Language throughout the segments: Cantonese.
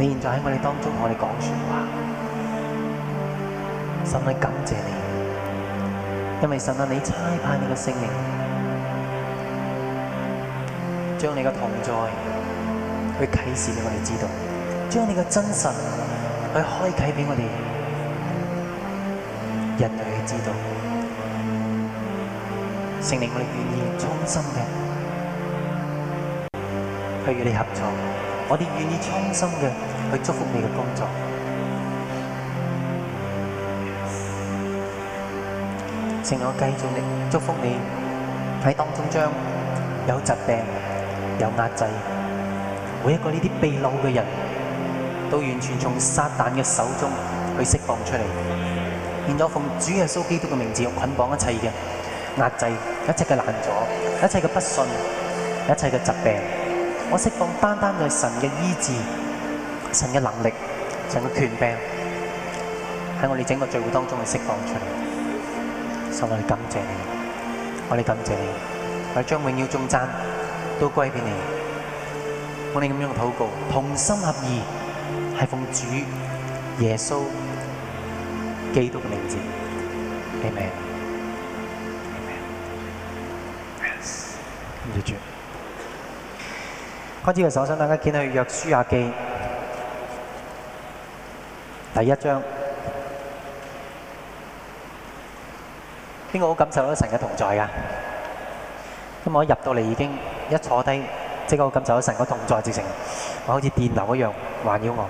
你現在喺我哋當中同我哋講說話，神啊，感謝你，因為神啊你差派你的聖靈，將你的同在去啟示俾我哋知道，將你的真神去開啟俾我哋人類去知道，聖靈，我哋願意衷心嘅去與你合作，我哋願意衷心嘅。去祝福你嘅工作，請我繼續你祝福你喺當中，將有疾病、有壓制，每一個呢啲被擄嘅人，都完全從撒旦嘅手中去釋放出嚟。現在我奉主耶穌基督嘅名字，用捆綁一切嘅壓制、一切嘅攔阻、一切嘅不信、一切嘅疾病，我釋放單單對神嘅醫治。神嘅能力，神嘅權柄，喺我哋整個聚會當中嘅釋放出嚟，所以我哋感謝你，我哋感謝你，我哋將榮耀頌讚都歸俾你。我哋咁樣嘅禱告，同心合意，係奉主耶穌基督嘅名字，阿門。感謝主。開始嘅時候，我想大家見到約書亞記。第一章，邊個好感受到神嘅同在噶？咁我入到嚟已經一坐低，即係好感受到神個同在直情，我好似電流一樣環繞我。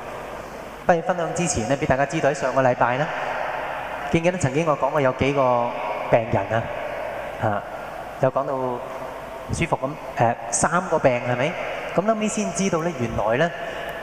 不如分享之前咧，畀大家知道喺上個禮拜咧，記唔記得曾經我講過有幾個病人啊，吓有講到唔舒服咁，誒，三個病係咪？咁諗起先知道咧，原來咧。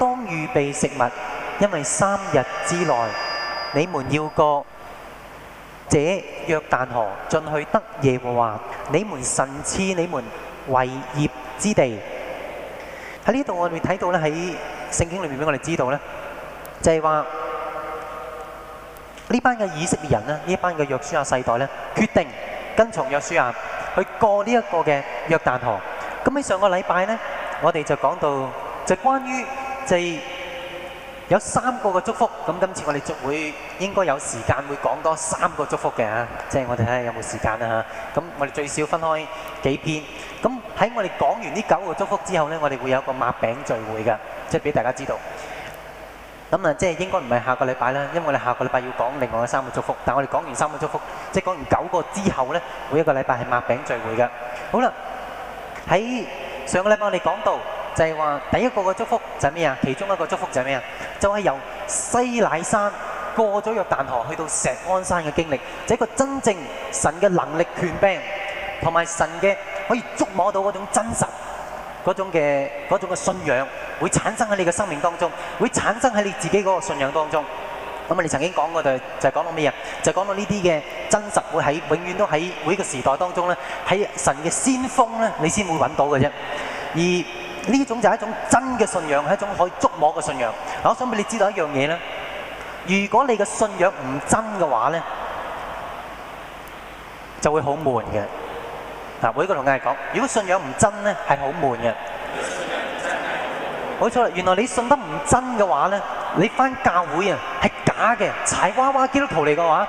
當預備食物，因為三日之內你們要過這約旦河進去得耶和華你們神賜你們為業之地。喺呢度我哋睇到呢，喺聖經裏面俾我哋知道呢就係話呢班嘅以色列人呢，呢班嘅約書亞世代呢，決定跟從約書亞去過呢一個嘅約旦河。咁喺上個禮拜呢，我哋就講到就關於。就係有三個嘅祝福，咁今次我哋仲會應該有時間會講多三個祝福嘅啊！即係我哋睇下有冇時間啦嚇。咁我哋最少分開幾篇。咁喺我哋講完呢九個祝福之後咧，我哋會有一個擘餅聚會嘅，即係俾大家知道。咁啊，即係應該唔係下個禮拜啦，因為我哋下個禮拜要講另外嘅三個祝福。但係我哋講完三個祝福，即係講完九個之後咧，每一個禮拜係擘餅聚會嘅。好啦，喺上個禮拜我哋講到。就係話第一個嘅祝福就係咩啊？其中一個祝福就係咩啊？就係、是、由西乃山過咗約旦河，去到石安山嘅經歷，就係一個真正神嘅能力權柄，同埋神嘅可以觸摸到嗰種真實，嗰種嘅種嘅信仰，會產生喺你嘅生命當中，會產生喺你自己嗰個信仰當中。咁啊，你曾經講過的就就係講到咩啊？就講、是、到呢啲嘅真實會喺永遠都喺每一個時代當中咧，喺神嘅先鋒咧，你先會揾到嘅啫。而呢種就係一種真嘅信仰，係一種可以觸摸嘅信仰。我想俾你知道一樣嘢咧，如果你嘅信仰唔真嘅話咧，就會好悶嘅。嗱，每一個同學講，如果信仰唔真咧，係好悶嘅。冇錯啦，原來你信得唔真嘅話咧，你翻教會啊係假嘅，柴娃娃基督徒嚟嘅話，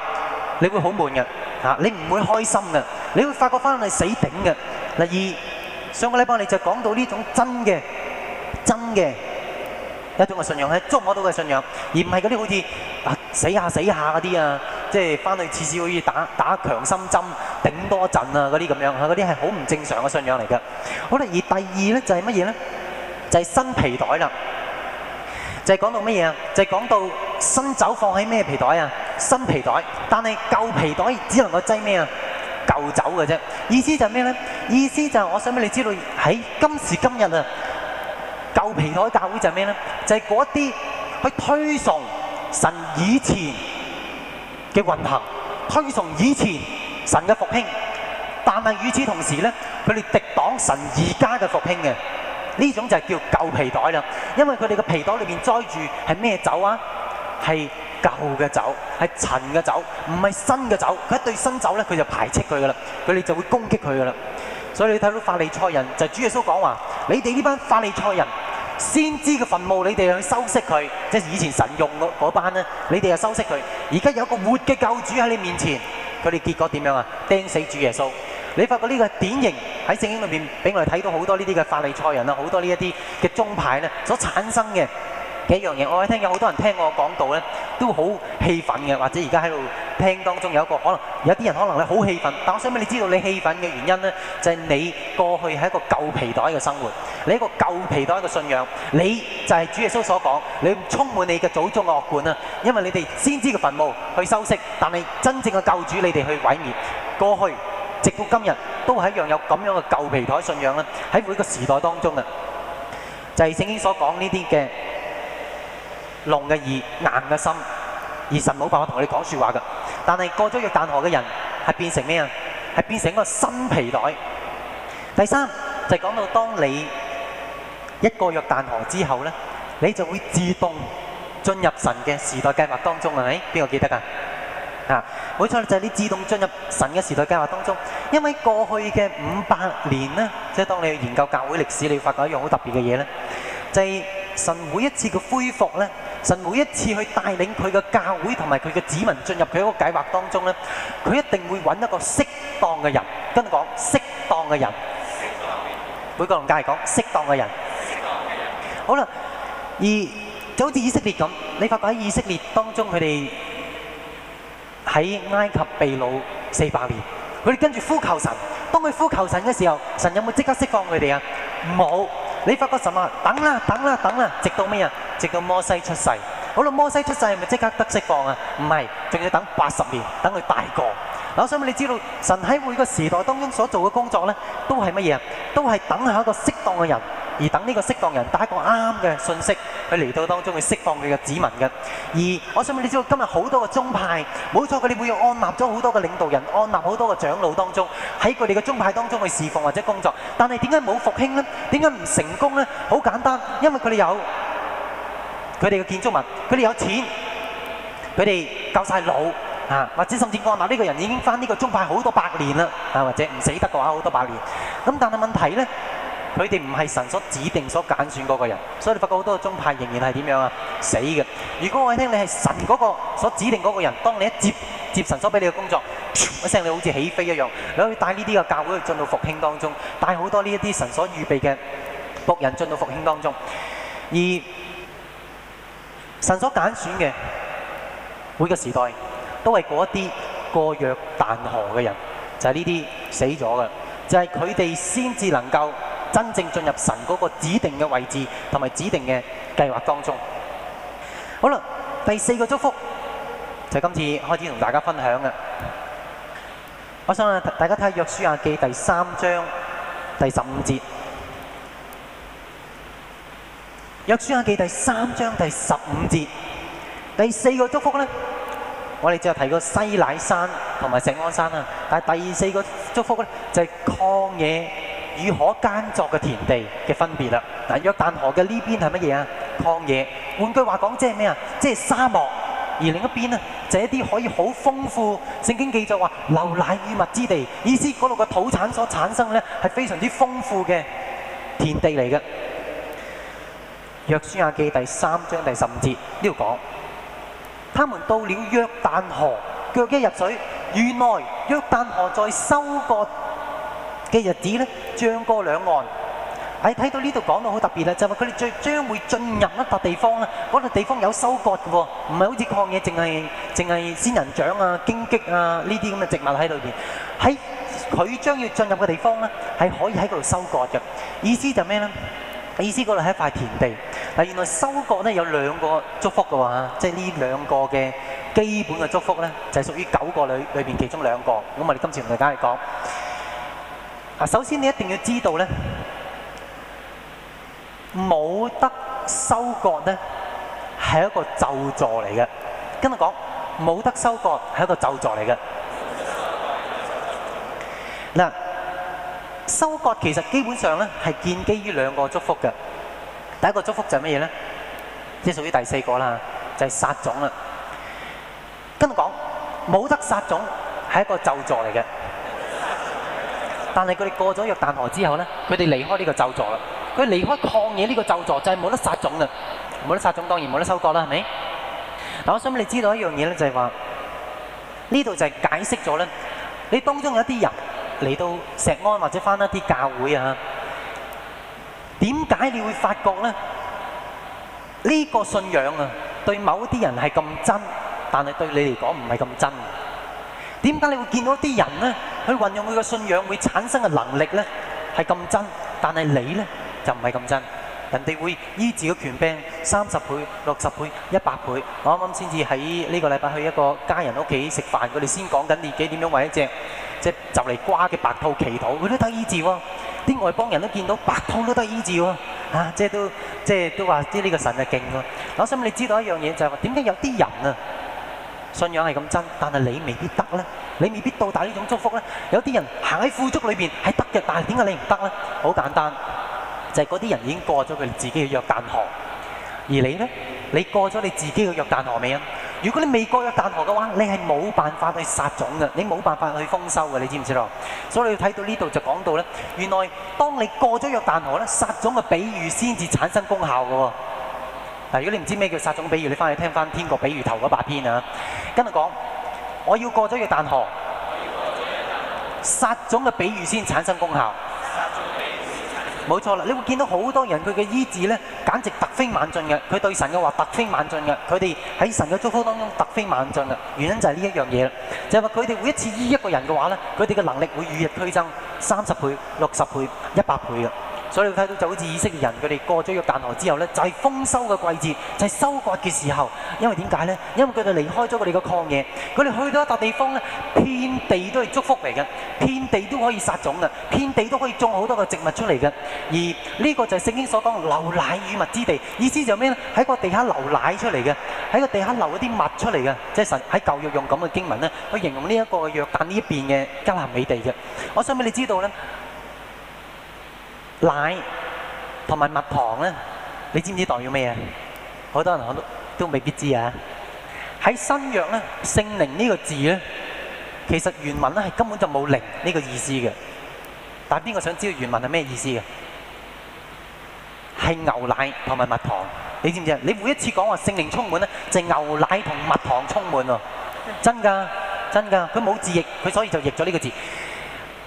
你會好悶嘅。啊，你唔會開心嘅，你會發覺翻嚟死頂嘅。第二。上個禮拜，你就講到呢種真嘅、真嘅一種嘅信仰，係捉摸到嘅信仰，而唔係嗰啲好似啊死下死下嗰啲啊，即係翻去次次好似打打強心針，頂多陣啊嗰啲咁樣啊。嗰啲係好唔正常嘅信仰嚟嘅。好啦，而第二呢就係乜嘢呢？就係新皮袋啦，就係講到乜嘢？就係講到新酒放喺咩皮袋啊？新皮袋，但係舊皮袋只能夠擠咩啊？舊酒嘅啫。意思就係咩呢？意思就係，我想俾你知道喺今時今日啊，舊皮袋教會就係咩咧？就係嗰啲去推崇神以前嘅運行，推崇以前神嘅復興，但係與此同時咧，佢哋敵擋神而家嘅復興嘅。呢種就係叫舊皮袋啦，因為佢哋嘅皮袋裏邊載住係咩酒啊？係舊嘅酒，係陳嘅酒，唔係新嘅酒。佢一對新酒咧，佢就排斥佢噶啦，佢哋就會攻擊佢噶啦。所以你睇到法利賽人就主耶穌講話，你哋呢班法利賽人先知嘅墳墓，你哋去修飾佢，即係以前神用嗰班你哋去修飾佢。而家有個活嘅救主喺你面前，佢哋結果點樣啊？釘死主耶穌。你發覺呢個係典型喺聖經裏面，俾我哋睇到好多呢啲嘅法利賽人啦，好多呢一啲嘅宗派所產生嘅。幾樣嘢，我喺聽有好多人聽我講到呢，都好氣憤嘅，或者而家喺度聽當中有一個可能，有啲人可能你好氣憤。但我想畀你知道你氣憤嘅原因呢，就係、是、你過去係一個舊皮袋嘅生活，你一個舊皮袋嘅信仰，你就係主耶穌所講，你充滿你嘅祖宗惡貫啊！因為你哋先知嘅墳墓去修飾，但係真正嘅救主你哋去毀滅。過去直到今日都係一樣有咁樣嘅舊皮袋信仰呢，喺每個時代當中啊，就係、是、聖經所講呢啲嘅。龍的硬的心，而神冇辦法同你講說話㗎。但是過咗約旦河的人是變成咩呀？是變成一個新皮袋。第三就是講到當你一個約旦河之後咧，你就會自動進入神的時代計劃當中係咪？邊個記得啊？啊，冇錯就是你自動進入神的時代計劃當中，因為過去的五百年咧，即係當你去研究教會歷史，你會發覺一樣好特別的嘢咧，就是神每一次的恢復咧。神每一次去帶領佢嘅教會同埋佢嘅子民進入佢一個計劃當中咧，佢一定會揾一個適當嘅人，跟佢講適當嘅人。每個同家嚟講適當嘅人。好啦，而就好似以色列咁，你發覺喺以色列當中，佢哋喺埃及被擄四百年，佢哋跟住呼求神，當佢呼求神嘅時候，神有冇即刻釋放佢哋啊？冇。你發覺什麼？等啦，等啦，等啦，直到咩啊？直到摩西出世。好啦，摩西出世係咪即刻得釋放啊？唔係，仲要等八十年，等佢大個。我想問你知道神喺每個時代當中所做嘅工作呢，都係乜嘢？都係等下一個適當嘅人，而等呢個適當人帶一個啱嘅信息去嚟到當中去釋放佢嘅子民嘅。而我想問你知道今日好多個宗派，冇錯，佢哋會安立咗好多嘅領導人，安立好多嘅長老當中，喺佢哋嘅宗派當中去侍奉或者工作。但係點解冇復興呢？點解唔成功呢？好簡單，因為佢哋有。佢哋嘅建築物，佢哋有錢，佢哋夠晒老啊，或者甚至講話呢個人已經翻呢個宗派好多百年啦啊，或者唔死得嘅話好多百年。咁、啊、但係問題咧，佢哋唔係神所指定、所揀選嗰個人，所以你發覺好多個宗派仍然係點樣啊死嘅。如果我聽你係神嗰個所指定嗰個人，當你一接接神所俾你嘅工作，一聲你好似起飛一樣，你可以帶呢啲嘅教會去進到復興當中，帶好多呢一啲神所預備嘅僕人進到復興當中，而。神所揀選嘅每個時代，都係嗰一啲過約旦河嘅人，就係呢啲死咗嘅，就係佢哋先至能夠真正進入神嗰個指定嘅位置同埋指定嘅計劃當中。好啦，第四個祝福就係今次開始同大家分享嘅，我想啊，大家睇下約書亞記第三章第十五節。約書亞記第三章第十五節，第四個祝福咧，我哋就提過西乃山同埋錫安山啊，但係第四個祝福咧就係、是、曠野與可耕作嘅田地嘅分別啦。嗱，約旦河嘅呢邊係乜嘢啊？曠野，換句話講即係咩啊？即係沙漠。而另一邊呢，就係、一啲可以好豐富。聖經記載話流奶與蜜之地，意思嗰度嘅土產所產生咧係非常之豐富嘅田地嚟嘅。約書亞記第三章第十五節呢度講，他們到了約旦河，腳一入水，原來約旦河在收割嘅日子呢，漲過兩岸。喺睇到呢度講到好特別啦，就係佢哋最將會進入一笪地方啦，嗰笪地方有收割嘅，唔係好似曠野，淨係淨係仙人掌啊、荊棘啊呢啲咁嘅植物喺裏邊。喺佢將要進入嘅地方呢，係可以喺嗰度收割嘅。意思就咩呢？意思嗰度係一塊田地，嗱，原來收割咧有兩個祝福嘅話，即係呢兩個嘅基本嘅祝福咧，就係屬於九個裏裏邊其中兩個。咁我哋今次同大家去講。嗱，首先你一定要知道咧，冇得收割咧係一個咒詛嚟嘅。跟我講，冇得收割係一個咒詛嚟嘅。嗱。收割其實基本上咧係建基於兩個祝福嘅，第一個祝福就係乜嘢咧？即係屬於第四個啦，就係、是、撒種啦。跟住講，冇得撒種係一個咒詛嚟嘅。但係佢哋過咗約旦河之後咧，佢哋離開呢個咒詛啦。佢離開曠野呢個咒詛，就係冇得撒種啦。冇得撒種當然冇得收割啦，係咪？嗱，我想俾你知道一樣嘢咧，這裡就係話呢度就係解釋咗咧，你當中有一啲人。嚟到石安或者返一啲教會啊？點解你會發覺咧？呢個信仰啊，對某一啲人係咁真，但係對你嚟講唔係咁真。點解你會見到啲人咧，去運用佢個信仰會產生嘅能力咧，係咁真，但係你咧就唔係咁真。人哋會醫治個權病三十倍、六十倍、一百倍。我啱啱先至喺呢個禮拜去一個家人屋企食飯，佢哋先講緊你幾點樣為一隻，即就嚟瓜嘅白兔祈禱，佢都得醫治喎。啲外邦人都見到白兔都得醫治喎。啊，即都即都話啲呢個神就勁喎。我想你知道一樣嘢就係、是、話，點解有啲人啊信仰係咁真，但係你未必得咧，你未必到達呢種祝福咧。有啲人行喺富足裏邊係得嘅，但係點解你唔得咧？好簡單，就係嗰啲人已經過咗佢自己嘅約旦河，而你咧，你過咗你自己嘅約旦河未啊？如果你未過約旦河嘅話，你係冇辦法去殺種嘅，你冇辦法去豐收嘅，你知唔知道？所以你睇到呢度就講到呢，原來當你過咗約旦河呢，殺種嘅比喻先至產生功效嘅。嗱，如果你唔知咩叫殺種比喻，你返去聽返《天國比喻》頭嗰八篇啊，跟住講，我要過咗約旦河，殺種嘅比喻先產生功效。冇錯啦，你會見到好多人，佢嘅醫治呢，簡直突飛猛進嘅，佢對神嘅話，突飛猛進嘅，佢哋喺神嘅祝福當中，突飛猛進嘅。原因就係呢一樣嘢啦，就係話佢哋每一次醫一個人嘅話呢，佢哋嘅能力會與日俱增，三十倍、六十倍、一百倍嘅。所以你睇到就好似以色列人，佢哋過咗約旦河之後咧，就係豐收嘅季節，就係收割嘅時候。因為點解咧？因為佢哋離開咗佢哋嘅曠野，佢哋去到一笪地方咧，遍地都係祝福嚟嘅，遍地都可以撒種嘅，遍地都可以種好多嘅植物出嚟嘅。而呢個就係聖經所講流奶與蜜之地，意思就係咩咧？喺個地下流奶出嚟嘅，喺個地下流一啲蜜出嚟嘅，即係神喺舊約用咁嘅經文咧，去形容呢一個約旦呢一邊嘅迦南美地嘅。我想俾你知道咧。奶同埋蜜糖咧，你知唔知代表咩啊？好多人都都未必知啊！喺新約咧，聖靈呢個字咧，其實原文咧係根本就冇靈呢個意思嘅。但邊個想知道原文係咩意思嘅？係牛奶同埋蜜糖，你知唔知啊？你每一次講話聖靈充滿咧，就係牛奶同蜜糖充滿喎，真㗎，真㗎，佢冇字譯，佢所以就譯咗呢個字。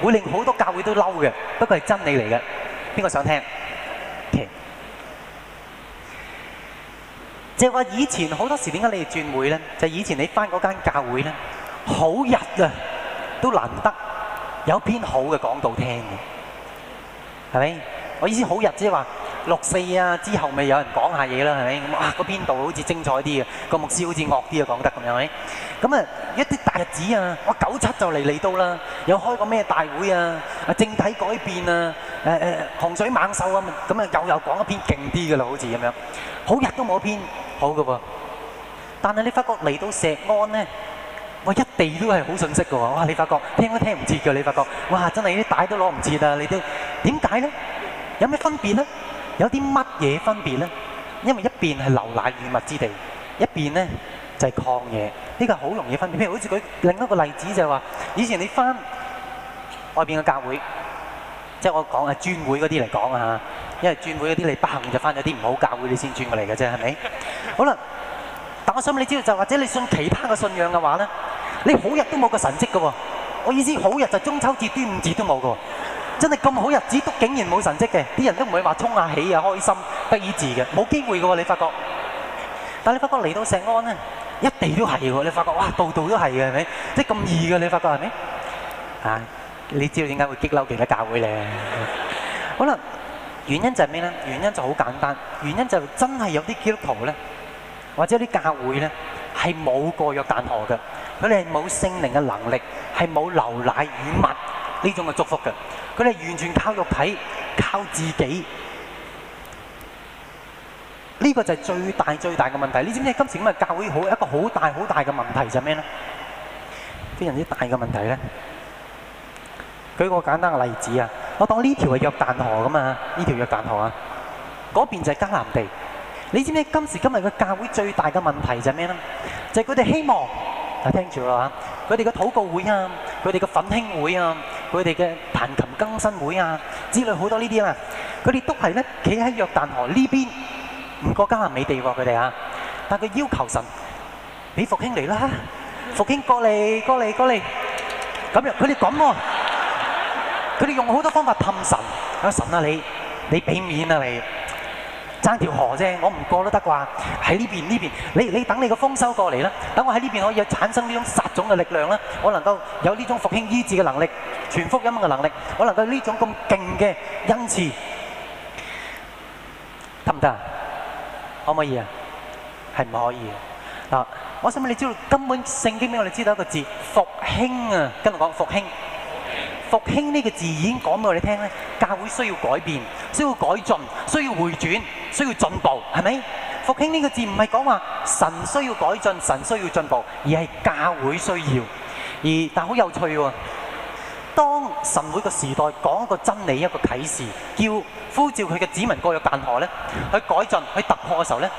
會令好多教會都嬲嘅，不過係真理嚟嘅，邊個想聽？OK。即係話以前好多時點解你哋轉會咧？就係以前你返嗰間教會咧，好日啊，都難得有篇好嘅講道聽嘅，係咪？我意思好日即係話六四啊，之後咪有人講下嘢啦，係咪？哇！個邊度好似精彩啲嘅，個牧師好似惡啲啊，講得咁樣係咪？咁啊，一啲大日子啊，哇！九七就嚟嚟到啦，又開個咩大會啊？啊，政體改變啊！誒誒，洪水猛獸啊！咁啊，又又講一篇勁啲嘅啦，好似咁樣。好日都冇一篇好嘅噃，但係你發覺嚟到石安咧，哇！一地都係好信息嘅喎，哇！你發覺聽都聽唔切嘅，你發覺哇！真係啲帶都攞唔切啊！你都點解咧？有咩分別咧？有啲乜嘢分別咧？因為一邊係流奶與蜜之地，一邊咧就係曠野。呢個好容易分辨。譬如好似舉另一個例子就係話，以前你翻外邊嘅教會，即、就、係、是、我講啊轉會嗰啲嚟講啊，因為轉會嗰啲你不幸就翻咗啲唔好教會，你先轉過嚟嘅啫，係咪？ 好啦，但我想問你知道，就是、或者你信其他嘅信仰嘅話咧，你好日都冇個神跡嘅喎。我意思好日就中秋節、端午節都冇嘅喎。真係咁好日子，都竟然冇神跡嘅，啲人都唔會話衝下喜啊，開心得醫治嘅，冇機會嘅喎。你發覺，但你發覺嚟到石安咧，一地都係喎。你發覺哇，度度都係嘅，係咪？即係咁易嘅，你發覺係咪？嚇，你知道點解會激嬲其他教會咧？可能原因就係咩咧？原因就好簡單，原因就真係有啲基督徒咧，或者有啲教會咧，係冇過約旦河嘅，佢哋係冇聖靈嘅能力，係冇流奶與蜜呢種嘅祝福嘅。佢哋完全靠肉體，靠自己。呢個就係最大最大嘅問題。你知唔知今時今日教會好一個好大好大嘅問題就係咩呢？非常之大嘅問題呢。舉個簡單嘅例子啊，我當呢條係約旦河咁嘛。呢條約旦河啊，嗰邊就係迦南地。你知唔知今時今日嘅教會最大嘅問題就係咩呢？就係佢哋希望啊，聽住啦嚇，佢哋嘅禱告會啊，佢哋嘅奮興會啊。佢哋嘅彈琴更新會啊，之類好多呢啲啊，佢哋都係咧，企喺約旦河呢邊，唔過迦南美地喎。佢哋啊，但佢要求神俾復興嚟啦，復興過嚟過嚟過嚟咁樣。佢哋咁喎，佢哋用好多方法氹神啊！神啊，你你俾面啊！你爭條河啫，我唔過都得啩？喺呢邊呢邊，你你等你個豐收過嚟啦，等我喺呢邊可以產生呢種撒種嘅力量啦，我能夠有呢種復興醫治嘅能力。全福音嘅能力，我能夠呢種咁勁嘅恩賜，得唔得啊？可唔可以啊？係唔可以啊？嗱，我想問你，知道根本聖經俾我哋知道一個字復興啊，跟住講復興。復興呢個字已經講俾我哋聽咧，教會需要改變，需要改進，需要回轉，需要進步，係咪？復興呢個字唔係講話神需要改進，神需要進步，而係教會需要。而但係好有趣喎。當神每個時代講一個真理、一個啟示，叫呼召佢嘅子民過約旦河咧，去改進，去突破嘅時候咧，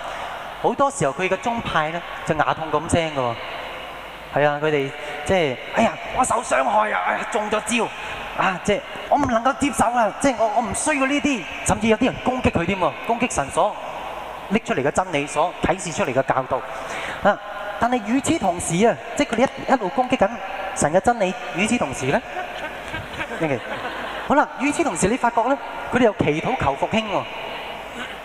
好多時候佢嘅宗派咧就牙痛咁聲噶喎，係啊，佢哋即係哎呀，我受傷害啊，哎呀中咗招啊，即係我唔能夠接受啊，即係我我唔需要呢啲，甚至有啲人攻擊佢添喎，攻擊神所拎出嚟嘅真理，所啟示出嚟嘅教導啊，但係與此同時啊，即係佢哋一一路攻擊緊神嘅真理，與此同時咧。啲嘢，好啦，與此同時，你發覺咧，佢哋又祈禱求復興喎。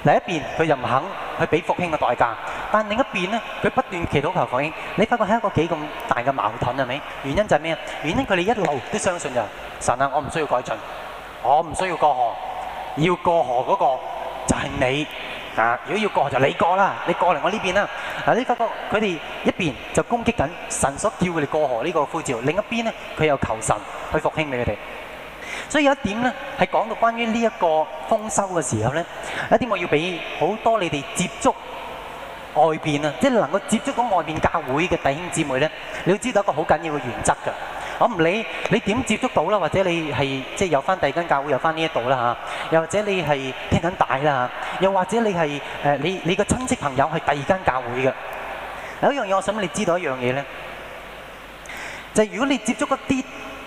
嗱，一邊佢又唔肯去俾復興嘅代價，但另一邊咧，佢不斷祈禱求復興。你發覺係一個幾咁大嘅矛盾，係咪？原因就係咩啊？原因佢哋一路都相信就係神啊，我唔需要改進，我唔需要過河，要過河嗰個就係你。嗱，如果要過河就你過啦，你過嚟我呢邊啦。嗱，你發覺佢哋一邊就攻擊緊神所叫佢哋過河呢個呼召，另一邊咧佢又求神去復興你哋。所以有一點咧，係講到關於呢一個豐收嘅時候咧，一點我要俾好多你哋接觸外邊啊，即係能夠接觸到外邊教會嘅弟兄姊妹咧，你要知道一個好緊要嘅原則㗎。我唔理你點接觸到啦，或者你係即係有返第二間教會，又有返呢一度啦，又或者你係聽緊帶、啊、又或者你係、呃、你個親戚朋友係第二間教會嘅。有一樣嘢，我想你知道一樣嘢咧，就係、是、如果你接觸嗰啲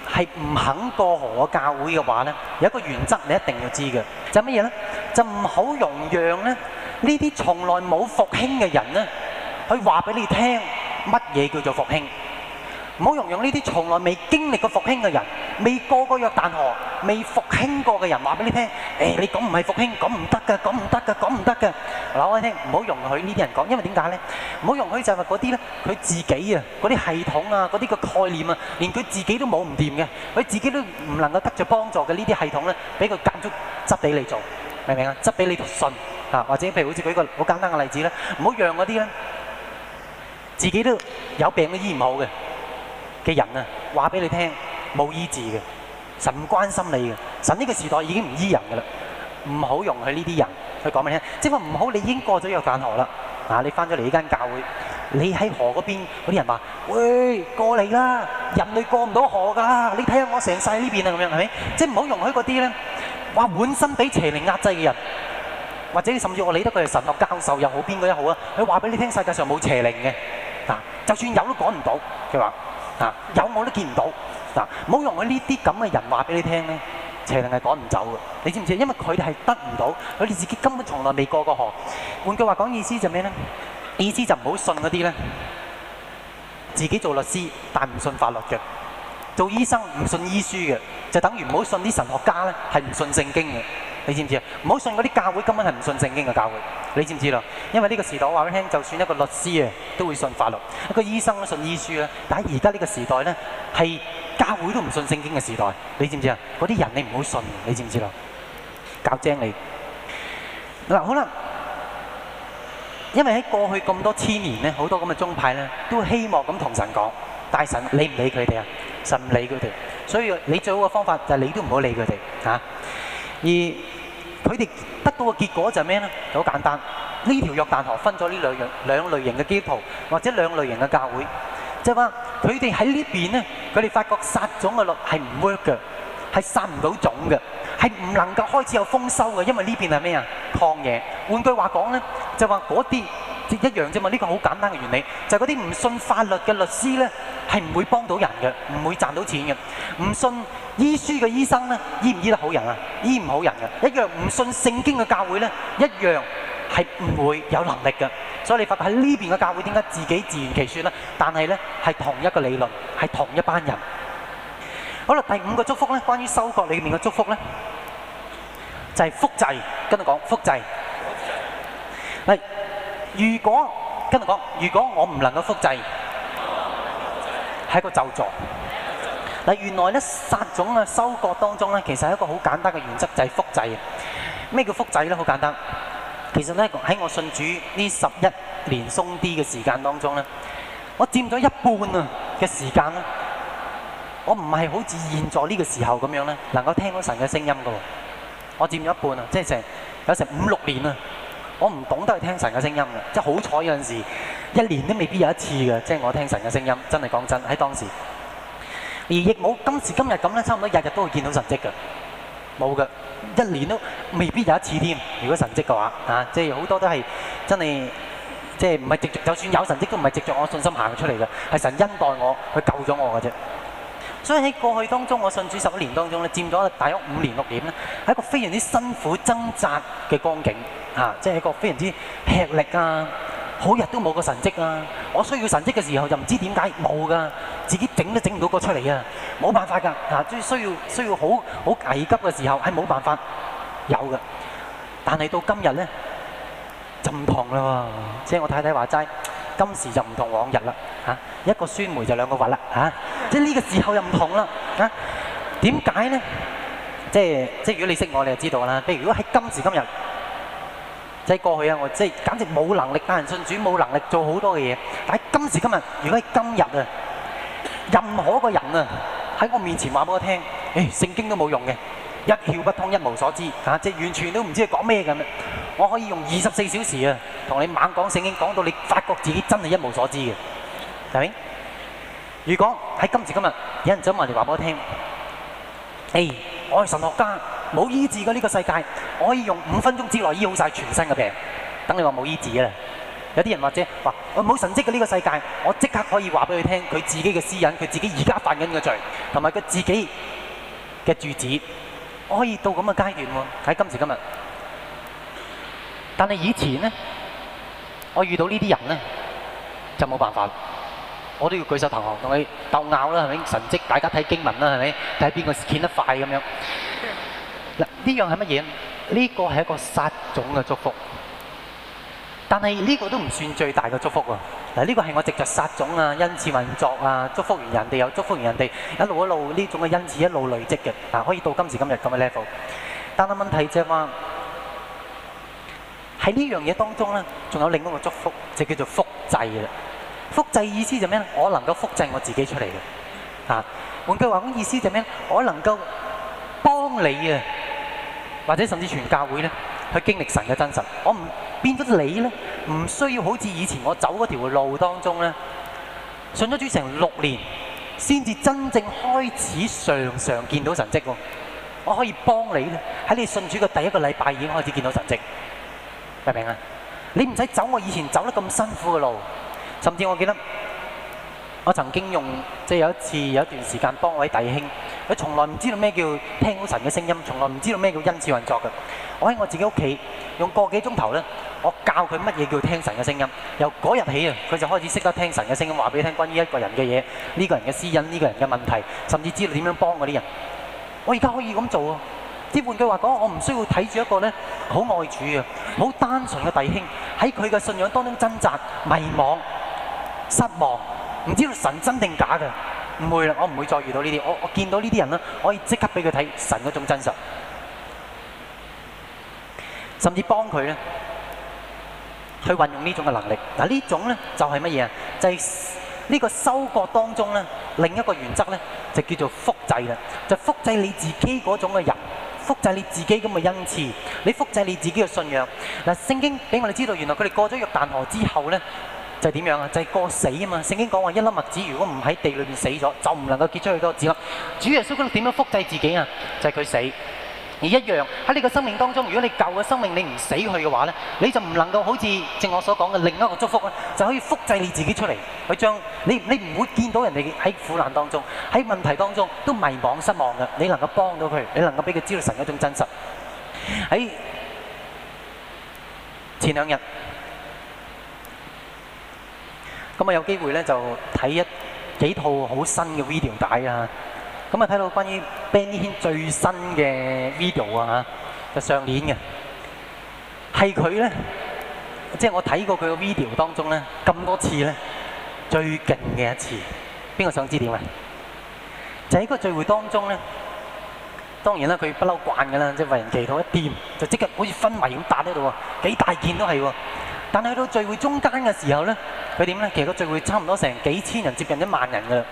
係唔肯過河嘅教會嘅話呢，有一個原則你一定要知嘅，就係乜嘢呢？就唔好容讓這呢啲從來冇復興嘅人呢，去話畀你聽，乜嘢叫做復興？唔好容許呢啲從來未經歷過復興嘅人，未過過約旦河，未復興過嘅人話俾你聽，哎，你講唔係復興，咁唔得嘅，咁唔得嘅，咁唔得嘅，留低聽，唔好容許呢啲人講，因為點解呢？唔好容許就係嗰啲咧，佢自己啊，嗰啲系統啊，嗰啲嘅概念啊，連佢自己都冇唔掂嘅，佢自己都唔能夠得著幫助嘅呢啲系統呢，俾佢間足執俾你做，明唔明啊？執俾你信或者譬如好似舉個好簡單嘅例子咧，唔好讓嗰啲咧，自己都有病都醫唔好嘅，嘅人啊，話俾你聽，冇醫治嘅神，不關心你嘅神，呢個時代已經唔醫人噶啦，唔好容許呢啲人去講俾你聽，即係話唔好你已經過咗約旦河啦，啊你翻咗嚟呢間教會，你喺河嗰邊嗰啲人話：喂，過嚟啦，人類過唔到河㗎，你睇下我成世呢邊啊，咁樣係咪？即係唔好容許嗰啲咧，哇滿身俾邪靈壓制嘅人，或者你甚至我理得佢係神學教授又好，邊個又好啊？佢話俾你聽，世界上冇邪靈嘅，嗱，啊，就算有都趕唔到，佢話，就係話，啊！有我都見唔到，嗱，冇用啊！唔好用我呢啲咁嘅人話俾你聽咧，邪靈係趕唔走嘅，你知唔知？因為佢哋係得唔到，佢哋自己根本從來未過過河。換句話講，意思就咩咧？意思就唔好信嗰啲咧，自己做律師但唔信法律嘅，做醫生唔信醫書嘅，就等於唔好信啲神學家咧，係唔信聖經嘅。你知唔知啊？唔好信嗰啲教會，根本係唔信聖經嘅教會。你知唔知咯？因為呢個時代，我話俾你聽，就算一個律師啊，都會信法律；一個醫生都信醫書啦。但係而家呢個時代呢，係教會都唔信聖經嘅時代。你知唔知啊？嗰啲人你唔好信，你知唔知咯？搞精你嗱，可能因為喺過去咁多千年呢，好多咁嘅宗派呢，都希望咁同神講，大神你唔理佢哋啊，神唔理佢哋。所以你最好嘅方法就係你都唔好理佢哋嚇。而佢哋得到嘅結果就係咩咧？好簡單，呢條約旦河分咗呢兩兩類型嘅基督徒，或者兩類型嘅教會，就係話佢哋喺呢邊咧，佢哋發覺殺種嘅率係唔 work 嘅，係殺唔到種嘅，係唔能夠開始有豐收嘅，因為呢邊係咩啊？曠野。換句話講咧，就話嗰啲。一樣啫嘛，呢個好簡單嘅原理，就係嗰啲唔信法律嘅律師咧，係唔會幫到人嘅，唔會賺到錢嘅；唔信醫書嘅醫生咧，醫唔醫得好人啊？醫唔好人嘅一樣，唔信聖經嘅教會咧，一樣係唔會有能力嘅。所以你發覺喺呢邊嘅教會點解自己自圓其說咧？但係咧係同一個理論，係同一班人。好啦，第五個祝福咧，關於收割裏面嘅祝福咧，就係複製，跟住講複製，嚟。祭如果跟住講，如果我唔能夠複製，係一個咒詛。嗱，原來咧，撒種啊，收割當中咧，其實係一個好簡單嘅原則，就係複製啊。咩叫複製咧？好簡單。其實咧，喺我信主呢十一年鬆啲嘅時間當中咧，我佔咗一半啊嘅時間咧，我唔係好似現在呢個時候咁樣咧，能夠聽到神嘅聲音嘅。我佔咗一半啊，即係成有成五六年啊。我唔懂得去聽神嘅聲音嘅，即係好彩有陣時一年都未必有一次嘅，即係我聽神嘅聲音，真係講真喺當時。而亦冇今時今日咁咧，差唔多日日都會見到神跡嘅，冇嘅，一年都未必有一次添。如果神跡嘅話，啊，即係好多都係真係，即係唔係藉著就算有神跡都唔係藉著我信心行出嚟嘅，係神恩待我去救咗我嘅啫。所以喺過去當中，我信主十一年當中咧，佔咗大約五年六年咧，係一個非常之辛苦掙扎嘅光景。啊，即係一個非常之吃力啊，好日都冇個神蹟啊！我需要神蹟嘅時候，就唔知點解冇噶，自己整都整唔到個出嚟啊！冇辦法噶，啊！即係需要需要好好危急嘅時候，係冇辦法有嘅。但係到今日咧，就唔同啦喎！即係我太太話齋，今時就唔同往日啦嚇，一個酸梅就兩個核啦嚇，即係呢個時候又唔同啦嚇。點解咧？即係即係如果你識我，你就知道啦。譬如如果喺今時今日。即係過去啊！我即係，簡直冇能力，但係信主冇能力做好多嘅嘢。但係今時今日，如果係今日啊，任何一個人啊，喺我面前話俾我聽，誒，聖經都冇用嘅，一竅不通，一無所知嚇，即係完全都唔知你講咩咁啊！我可以用二十四小時啊，同你猛講聖經，講到你發覺自己真係一無所知嘅，係咪？如果喺今時今日有人想問你話俾我聽，誒，我係神學家。冇醫治嘅呢個世界，我可以用五分鐘之內醫好晒全身嘅病。等你話冇醫治啊！有啲人或者，話我冇神蹟嘅呢個世界，我即刻可以話俾佢聽佢自己嘅私隱，佢自己而家犯緊嘅罪，同埋佢自己嘅住址，我可以到咁嘅階段喎。喺今時今日，但係以前呢，我遇到呢啲人呢，就冇辦法，我都要舉手投降，同你鬥拗啦，係咪神蹟？大家睇經文啦，係咪睇邊個顯得快咁樣？嗱，呢樣係乜嘢咧？呢、這個係一個殺種嘅祝福，但係呢個都唔算最大嘅祝福啊！嗱，呢、這個係我直接殺種啊，因此運作啊，祝福完人哋又祝福完人哋，一路一路呢種嘅因此一路累積嘅、啊，可以到今時今日咁嘅 level。但係問題就係話喺呢樣嘢當中呢，仲有另一個祝福，就叫做複製啦。複製意思就咩？我能夠複製我自己出嚟嘅，啊，換句話講，意思就咩？我能夠幫你啊！或者甚至全教會咧，去經歷神嘅真實。我唔變咗你咧，唔需要好似以前我走嗰條路當中咧，信咗主成六年，先至真正開始常常見到神跡咯。我可以幫你咧，喺你信主嘅第一個禮拜已經開始見到神跡，明唔明啊？你唔使走我以前走得咁辛苦嘅路，甚至我記得我曾經用，即係有一次有一段時間幫我位弟兄。佢從來唔知道咩叫聽神嘅聲音，從來唔知道咩叫因此運作嘅。我喺我自己屋企用個幾鐘頭咧，我教佢乜嘢叫聽神嘅聲音。由嗰日起啊，佢就開始識得聽神嘅聲音，話俾你聽關於一個人嘅嘢，呢個人嘅私隱，呢個人嘅問題，甚至知道點樣幫嗰啲人。我而家可以咁做啊！即換句話講，我唔需要睇住一個咧好愛主嘅、好單純嘅弟兄喺佢嘅信仰當中掙扎、迷茫、失望，唔知道神真定假嘅。唔會啦，我唔會再遇到呢啲。我我見到呢啲人咧，我可以即刻俾佢睇神嗰種真實，甚至幫佢咧去運用呢種嘅能力。嗱，呢種咧就係乜嘢啊？就係呢個收割當中咧，另一個原則咧就叫做複製啦。就複製你自己嗰種嘅人，複製你自己咁嘅恩賜，你複製你自己嘅信仰。嗱，聖經俾我哋知道，原來佢哋過咗約旦河之後咧。就係點樣啊？就係、是、過死啊嘛！聖經講話一粒麥子如果唔喺地裏邊死咗，就唔能夠結出許多子粒。主耶穌講點樣複製自己啊？就係、是、佢死。而一樣喺你個生命當中，如果你舊嘅生命你唔死去嘅話咧，你就唔能夠好似正我所講嘅另一個祝福咧，就可以複製你自己出嚟去將你，你唔會見到人哋喺苦難當中，喺問題當中都迷茫失望嘅。你能夠幫到佢，你能夠俾佢知道神嗰種真實。喺前兩日。咁啊，有機會咧就睇一幾套好新嘅 video 帶啊！咁啊，睇到關於 Benny Hinn 最新嘅 video 啊嚇，就上年嘅，係佢咧，即係我睇過佢嘅 video 當中咧，咁多次咧，最勁嘅一次，邊個想知點啊？就喺個聚會當中咧，當然啦，佢不嬲慣嘅啦，即係為人祈禱一掂，就即刻好似昏迷咁打喺度喎，幾大件都係喎。但係去到聚會中間嘅時候咧，佢點咧？其實個聚會差唔多成幾千人，接近一萬人噶啦。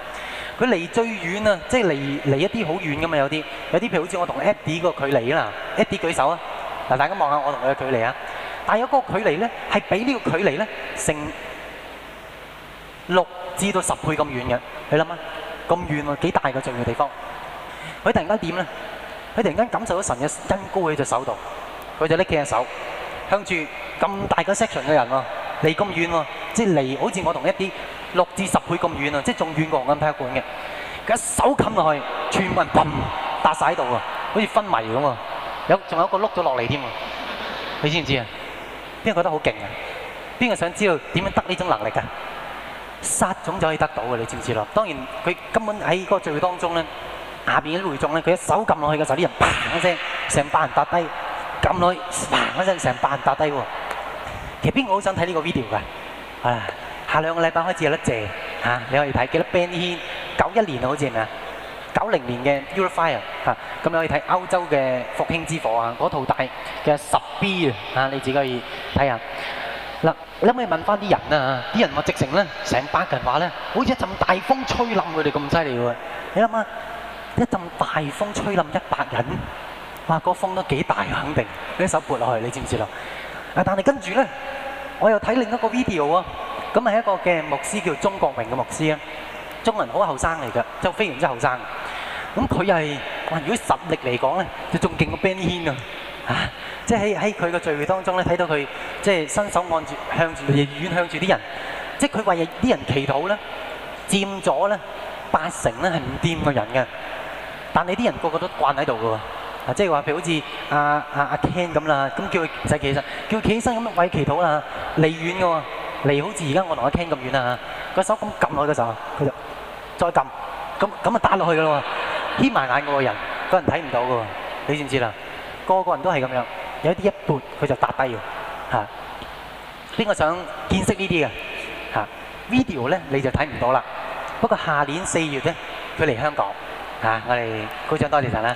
佢離最遠啊，即係離離一啲好遠㗎嘛，有啲有啲譬如好似我同 Eddie 個距離啦。Eddie 舉手啊！嗱，大家望下我同佢嘅距離啊！但係有個距離咧，係比呢個距離咧成六至到十倍咁遠嘅。你諗啊？咁遠喎，幾大個聚會地方？佢突然間點咧？佢突然間感受到神嘅恩膏喺隻手度，佢就拎起隻手向住。咁大個 section 嘅人喎，嚟咁遠喎，即係嚟好似我同一啲六至十倍咁遠啊，即係仲遠過黃金體育館嘅。佢一手冚落去，全部人嘭搭曬喺度喎，好似昏迷咁喎。有仲有一個碌咗落嚟添喎，你知唔知啊？邊個覺得好勁啊？邊個想知道點樣得呢種能力㗎？殺種就可以得到嘅，你知唔知咯？當然佢根本喺嗰個聚會當中咧，下邊啲會眾咧，佢一手撳落去嘅時候，啲人嘭一聲，成百人打低。撳落去嘭一聲，成百人打低喎。其實邊個好想睇呢個 video 㗎？啊，下兩個禮拜開始有得借嚇，你可以睇記得 Benny Hinn？九一年啊，好似係咪啊？九零年嘅 Eurofire 嚇，咁你可以睇歐洲嘅復興之火啊！嗰套大嘅十 B 啊嚇，你自己可以睇下。嗱，你可以問翻啲人啊！啲人話直情咧，成班人話咧，好似一陣大風吹冧佢哋咁犀利喎！你諗下，一陣大風吹冧一百人，哇！嗰風都幾大，肯定你手撥落去，你知唔知咯？啊！但係跟住咧，我又睇另一個 video 啊，咁係一個嘅牧師，叫鍾國榮嘅牧師啊，中文好後生嚟㗎，就非常之後生，咁佢係哇！如果實力嚟講咧，就仲勁過 Ben Hian 啊，啊！即係喺喺佢個聚會當中咧，睇到佢即係伸手按住向住遠向住啲人，即係佢話啲人祈禱咧，佔咗咧八成咧係唔掂嘅人嘅，但係啲人個個都慣喺度㗎喎。啊，即係話譬如好似阿阿阿 Ken 咁啦，咁叫佢唔使企起身，叫佢企起身咁位祈禱啦，離遠嘅喎，離好似而家我同阿 Ken 咁遠啊，個手咁撳落去嘅時候，佢就再撳，咁咁啊打落去嘅喎，黐埋眼嗰個人，嗰人睇唔到嘅喎，你知唔知啦？個個人都係咁樣，有啲一撥佢就打低嘅，嚇。邊個想見識呢啲嘅？嚇，video 咧你就睇唔到啦。不過下年四月咧，佢嚟香港，嚇，我哋高長多謝曬啦。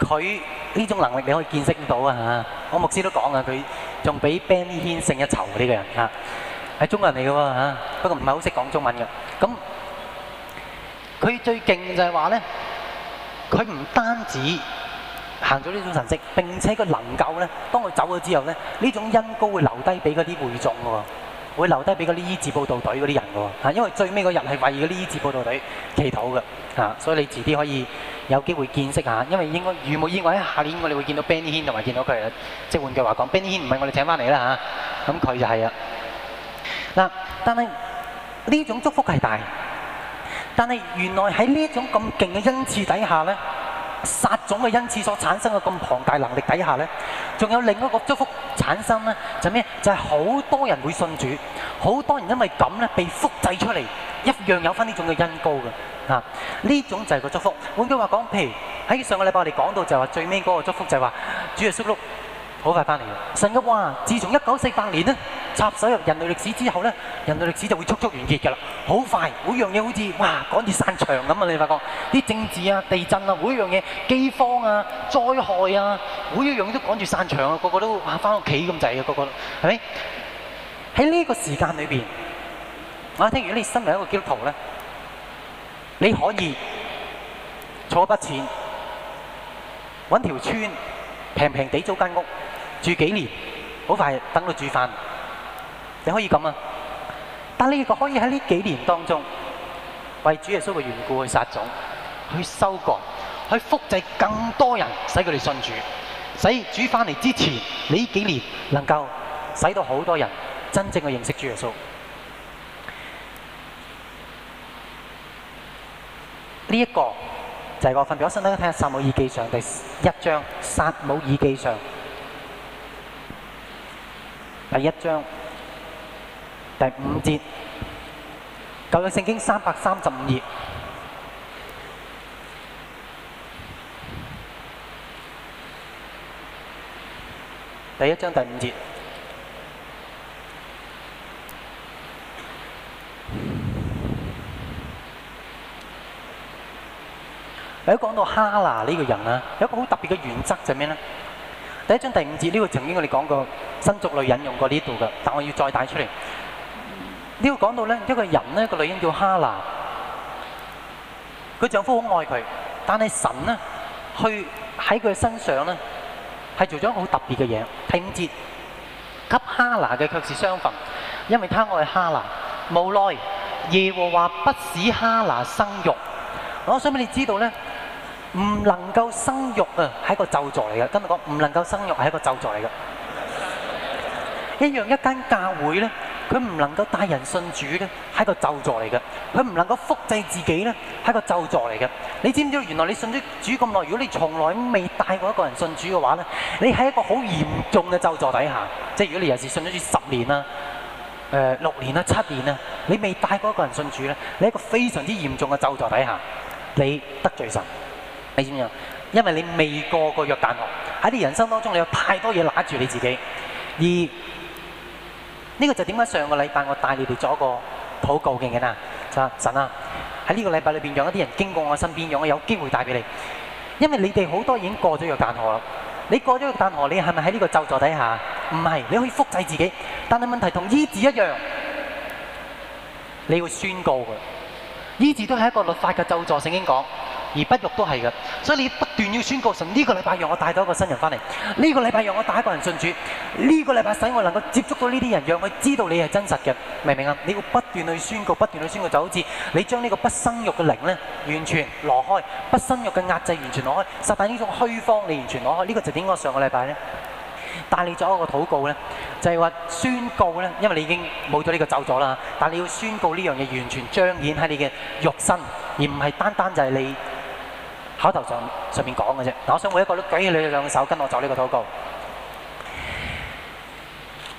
佢呢種能力你可以見識到啊！我牧師都講啊，佢仲比 Benny Hinn 勝一籌嗰啲嘅人啊，係中國人嚟嘅喎，不過唔係好識講中文嘅。咁、啊、佢最勁就係話咧，佢唔單止行咗呢種神跡，並且佢能夠咧，當佢走咗之後咧，呢種恩膏會留低俾嗰啲會眾喎。會留低俾嗰啲醫治報道隊嗰啲人喎，因為最尾嗰人係為嗰啲醫治報道隊祈禱㗎，所以你遲啲可以有機會見識一下，因為應該如無意外，喺下年我哋會見到 Benny Hinn 同埋見到佢啦，即係換句話講，Benny Hinn 唔係我哋請翻嚟啦嚇，咁、啊、佢就係、是、啦。嗱、啊，但係呢種祝福係大，但係原來喺呢種咁勁嘅恩賜底下咧。殺種嘅恩賜所產生嘅咁龐大能力底下咧，仲有另一個祝福產生咧，就係咩？就係好多人會信主，好多人因為咁咧被複製出嚟，一樣有返呢種嘅恩膏嘅。啊，呢種就係個祝福。換句話講，譬如喺上個禮拜我哋講到就係話最尾嗰個祝福就係話，主耶穌錄。好快翻嚟嘅神嘅，哇！自從一九四八年咧插手入人類歷史之後咧，人類歷史就會速速完結嘅啦，好快！每樣嘢好似哇趕住散場咁啊！你發覺啲政治啊、地震啊、每一樣嘢、饑荒啊、災害啊，每一樣嘢都趕住散場啊！個個都哇翻屋企咁滯啊。個個係咪？喺呢個時間裏邊，我聽完你身為一個基督徒咧，你可以坐筆錢揾條村。平平地租間屋住幾年，好快等到主返。你可以咁啊，但係你也可以喺呢幾年當中，為主耶穌嘅緣故去撒種、去收割、去復製更多人，使佢哋信主。使主返嚟之前，你呢幾年能夠使到好多人真正嘅認識主耶穌。呢一個。就係個分別，我先睇下《撒母耳記上》第一章，《撒母耳記上》第一章第五節，舊約聖經三百三十五頁，第一章第五節。喺講到哈拿呢個人啊，有一個好特別嘅原則就係咩咧？第一章第五節呢個曾經我哋講過，新約裏引用過呢度嘅，但我要再帶出嚟。呢個講到咧，一個人咧，呢個女人叫哈拿，佢丈夫好愛佢，但係神咧，去喺佢嘅身上咧，係做咗好特別嘅嘢。第五節，給哈拿嘅卻是雙份，因為他愛哈拿。無奈耶和華不使哈拿生育。我想俾你知道咧。唔能夠生育啊，係一個咒詛嚟嘅。今日講，唔能夠生育係一個咒詛嚟嘅。一樣一間教會咧，佢唔能夠帶人信主咧，係一個咒詛嚟嘅。佢唔能夠複製自己咧，係一個咒詛嚟嘅。你知唔知？原來你信咗主咁耐，如果你從來未帶過一個人信主嘅話咧，你喺一個好嚴重嘅咒詛底下。即係如果你又是信咗主十年啊、誒、呃、六年啊、七年啊，你未帶過一個人信主咧，你喺一個非常之嚴重嘅咒詛底下，你得罪神。你知唔知啊？因為你未過過約旦河，喺你人生當中，你有太多嘢揦住你自己。而呢、這個就點解上個禮拜我帶你哋做一個禱告嘅嘢啦？就話、是、神啊，喺呢個禮拜裏邊，讓一啲人經過我身邊，讓我有機會帶俾你。因為你哋好多已經過咗約旦河啦，你過咗約旦河，你係咪喺呢個咒助底下？唔係，你可以複製自己，但係問題同醫治一樣，你要宣告嘅。醫治都係一個律法嘅咒助，聖經講。而不育都係嘅，所以你不斷要宣告成呢個禮拜讓我帶多一個新人翻嚟，呢個禮拜讓我帶一個人信主，呢個禮拜使我能夠接觸到呢啲人，讓佢知道你係真實嘅，明唔明啊？你要不斷去宣告，不斷去宣告，就好似你將呢個不生育嘅靈呢完全攞開，不生育嘅壓制完全攞開，實質呢種虛方你完全攞開。呢個就點解？上個禮拜呢，帶你做一個禱告呢，就係話宣告呢，因為你已經冇咗呢個走咗啦，但你要宣告呢樣嘢完全彰顯喺你嘅肉身，而唔係單單就係你。.口頭上上面講嘅啫，我想每一個都舉起你哋兩隻手，跟我做呢個禱告。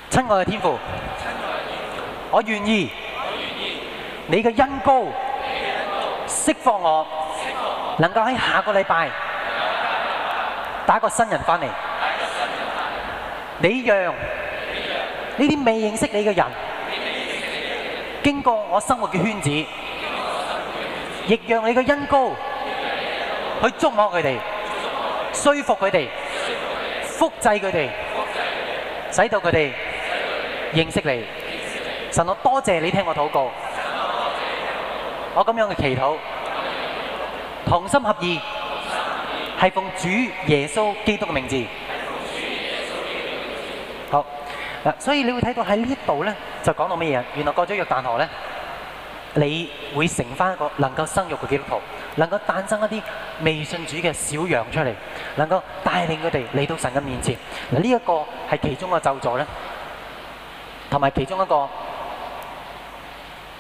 親愛嘅天父，我願意，你嘅恩膏釋放我，能夠喺下個禮拜帶一個新人翻嚟。你讓呢啲未認識你嘅人，經過我生活嘅圈子，亦讓你嘅恩膏，去捉摸佢哋，說服佢哋，複製佢哋，使到佢哋認識你。神我多謝你聽我禱告。我咁樣嘅祈禱，同心合意，係奉主耶穌基督嘅名字。好嗱，所以你會睇到喺呢一度咧，就講到乜嘢？原來過咗約旦河咧。你會成翻一個能夠生育嘅基督徒，能夠誕生一啲未信主嘅小羊出嚟，能夠帶領佢哋嚟到神嘅面前。嗱，呢一個係其中嘅咒詛咧，同埋其中一個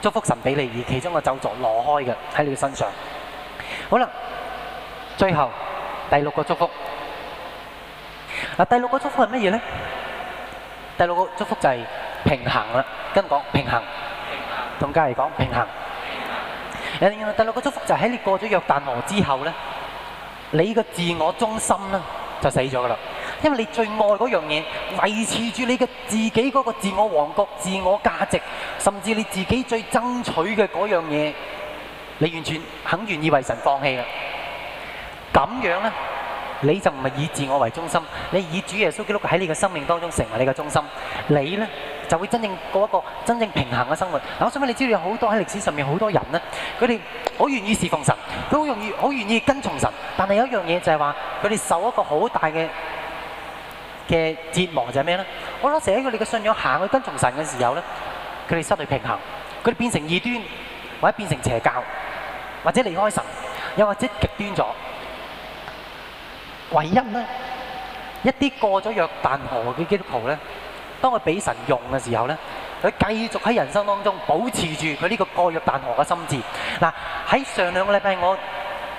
祝福神俾你，而其中嘅咒詛攞開嘅喺你嘅身上。好啦，最後第六個祝福。嗱，第六個祝福係乜嘢咧？第六個祝福就係平衡啦，跟住講平衡。同家嚟講平衡，第六個祝福就係你過咗約旦河之後呢，你個自我中心呢，就死咗㗎喇。因為你最愛嗰樣嘢，維持住你嘅自己嗰個自我王國、自我價值，甚至你自己最爭取嘅嗰樣嘢，你完全肯願意為神放棄啊！咁樣呢你就唔係以自我為中心，你係以主耶穌基督喺你嘅生命當中成為你嘅中心，你咧就會真正過一個真正平衡嘅生活。嗱，我想問你知道有好多喺歷史上面好多人咧，佢哋好願意侍奉神，佢好容易好願意跟從神，但係有一樣嘢就係話佢哋受一個好大嘅嘅折磨就係咩咧？我覺得成日喺佢哋嘅信仰行去跟從神嘅時候咧，佢哋失去平衡，佢哋變成異端或者變成邪教，或者離開神，又或者極端咗。唯一呢，一啲過咗約旦河嘅基督徒呢，當佢俾神用嘅時候呢，佢繼續喺人生當中保持住佢呢個過約旦河嘅心志。嗱、啊，喺上兩個禮拜我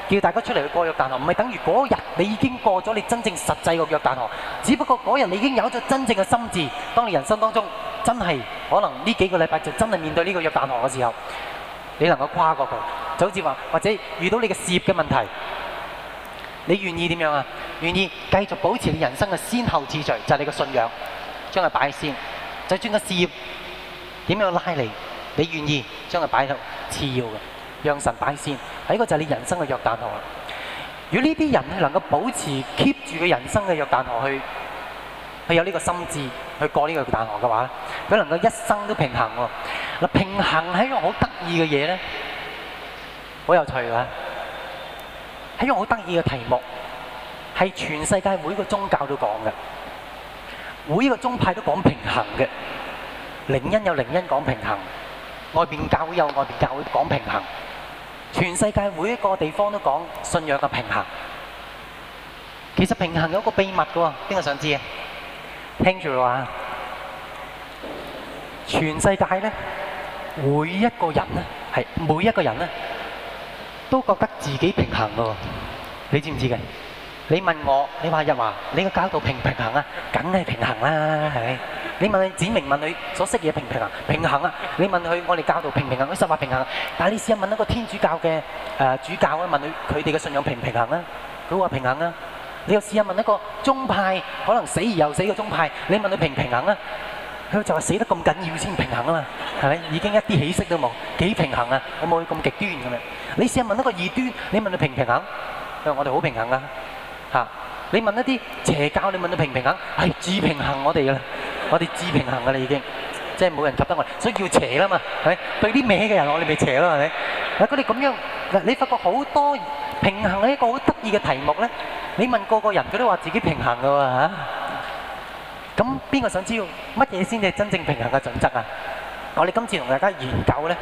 叫大家出嚟去過約旦河，唔係等於嗰日你已經過咗你真正實際嘅約旦河，只不過嗰日你已經有咗真正嘅心志。當你人生當中真係可能呢幾個禮拜就真係面對呢個約旦河嘅時候，你能夠跨過佢，就好似話或者遇到你嘅事業嘅問題。你願意點樣啊？願意繼續保持你人生嘅先後秩序，就係、是、你嘅信仰，將佢擺先；就轉個事業點樣拉你。你願意將佢擺喺度次要嘅，讓神擺先。係、這、一個就係你人生嘅約旦河。如果呢啲人佢能夠保持 keep 住佢人生嘅約旦河，去去有呢個心智，去過呢個約旦河嘅話，佢能夠一生都平衡喎。嗱，平衡係一個好得意嘅嘢咧，好有趣嘅。很有趣的。呢個好得意嘅題目，係全世界每個宗教都講嘅，每一個宗派都講平衡嘅，靈恩有靈恩講平衡，外邊教會有外邊教會講平衡，全世界每一個地方都講信仰嘅平衡。其實平衡有個秘密㗎，邊個想知啊？聽住話，全世界咧，每一個人咧，係每一個人咧。都覺得自己平衡喎，你知唔知嘅？你問我，你話日華，你個教導平唔平衡啊？梗係平衡啦，係咪？你問佢指明問佢所識嘢平唔平衡？平衡啊！你問佢，我哋教導平唔平衡，佢實話平衡。但係你試下問一個天主教嘅誒、呃、主教啊，問佢佢哋嘅信仰平唔平衡啊？佢話平衡啊！你又試下問一個宗派，可能死而又死嘅宗派，你問佢平唔平衡啊？佢就話死得咁緊要先平衡啦。係咪已經一啲起色都冇？幾平衡啊！我冇咁極端咁樣？你試下問一個異端，你問佢平唔平衡？我哋好平衡噶嚇！你問一啲邪教，你問佢平唔平衡？係、哎、自平衡我哋啦，我哋自平衡噶啦已經，即係冇人及得我，所以叫邪啦嘛，係咪？對啲歪嘅人，我哋咪邪咯係咪？嗱佢哋咁樣嗱，你發覺好多平衡呢一個好得意嘅題目咧，你問個個人，佢都話自己平衡嘅喎！咁邊個想知道乜嘢先至真正平衡嘅準則啊？我哋今次同大家研究呢，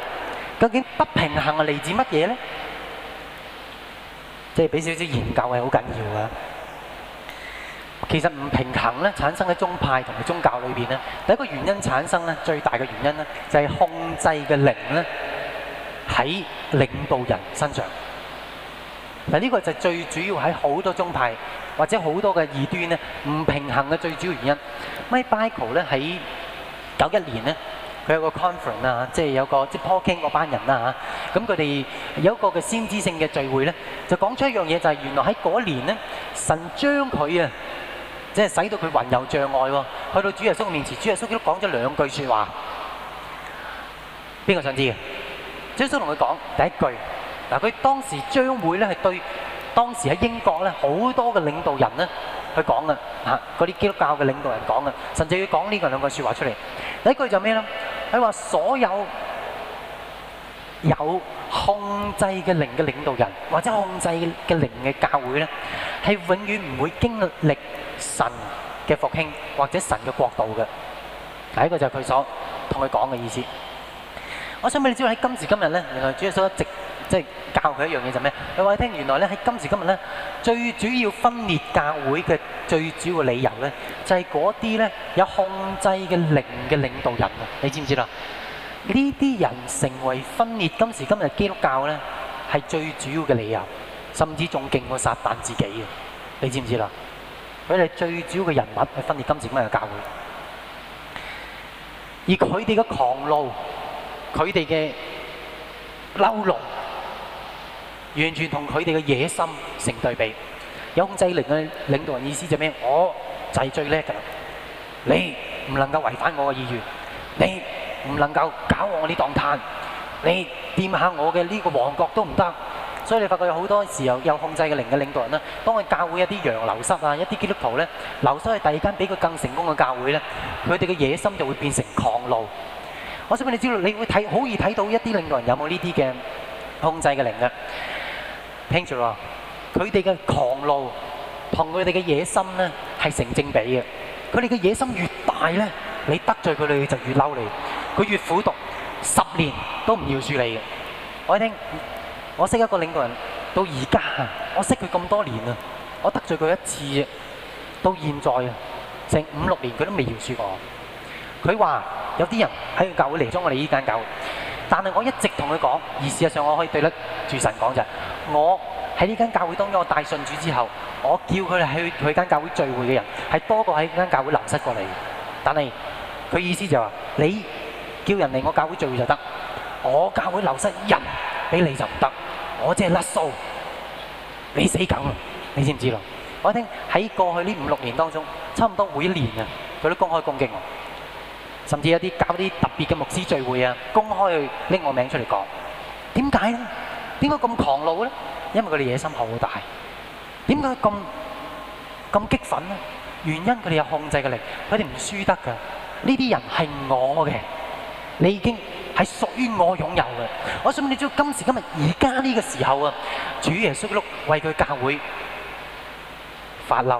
究竟不平衡係嚟自乜嘢呢？即係俾少少研究係好緊要嘅。其實唔平衡咧，產生喺宗派同埋宗教裏面，第一個原因產生呢，最大嘅原因呢就係、是、控制嘅靈咧喺領導人身上。這呢個就是最主要喺好多宗派或者好多嘅異端咧，唔平衡嘅最主要原因。Michael 在喺九一年呢佢有個 conference 啊，即係有個即係 Paul King 嗰班人啦嚇，咁佢哋有一個嘅、就是、先知性嘅聚會咧，就講出一樣嘢就係、是、原來喺嗰年咧，神將佢啊，即、就、係、是、使到佢魂遊障礙喎，去到主耶穌面前，主耶穌佢都講咗兩句説話，邊個想知嘅？主耶穌同佢講第一句，嗱佢當時將會咧係對當時喺英國咧好多嘅領導人咧。佢講嘅嚇，嗰啲基督教嘅領導人講嘅，甚至要講呢個兩個説話出嚟。第一句就咩咧？佢話所有有控制嘅靈嘅領導人，或者控制嘅靈嘅教會咧，係永遠唔會經歷神嘅復興或者神嘅國度嘅。第一個就係佢所同佢講嘅意思。我想畀你知喎？喺今時今日咧，原來主耶穌一直。即係教佢一樣嘢就咩？佢話你聽，原來咧喺今時今日咧，最主要分裂教會嘅最主要嘅理由咧，就係嗰啲咧有控制嘅靈嘅領導人啊！你知唔知啦？呢啲人成為分裂今時今日基督教咧，係最主要嘅理由，甚至仲勁過撒但自己嘅。你知唔知啦？佢哋最主要嘅人物係分裂今時今日嘅教會的，而佢哋嘅狂怒，佢哋嘅嬲怒。完全同佢哋嘅野心成對比，有控制靈嘅領導人，意思就係咩？我就係最叻㗎喇，你唔能夠違反我嘅意願，你唔能夠搞我啲檔攤，你掂下我嘅呢個王國都唔得。所以你發覺有好多時候有控制嘅靈嘅領導人咧，當佢教會一啲羊流失啊，一啲基督徒咧流失去第二間比佢更成功嘅教會呢，佢哋嘅野心就會變成狂怒。我想俾你知道，你會睇好易睇到一啲領導人有冇呢啲嘅控制嘅靈嘅。聽住啦，佢哋嘅狂怒同佢哋嘅野心呢係成正比嘅。佢哋嘅野心越大呢，你得罪佢哋就越嬲你。佢越苦毒十年都唔饒恕你嘅。我聽，我識一個領導人，到而家我識佢咁多年啊，我得罪佢一次，到現在成五六年佢都未饒恕我。佢話有啲人喺教會嚟，裝我哋呢間教會。但係我一直同佢講，而事實上我可以對得住神講，就係我喺呢間教會當中，我帶信主之後，我叫佢哋去佢間教會聚會嘅人，係多過喺間教會流失過嚟嘅。但係佢意思就係話：你叫人嚟我教會聚會就得，我教會流失人俾你就唔得，我即係甩數，你死梗！你知唔知咯？我一聽喺過去呢五六年當中，差唔多每一年啊，佢都公開攻擊我。甚至有一啲搞一啲特別嘅牧師聚會啊，公開去拎我名出嚟講，點解咧？點解咁狂怒咧？因為佢哋野心好大。點解咁咁激憤咧？原因佢哋有控制嘅力，佢哋唔輸得㗎。呢啲人係我嘅，你已經係屬於我擁有嘅。我想問你知道今時今日而家呢個時候啊，主耶穌喺度為佢教會發嬲，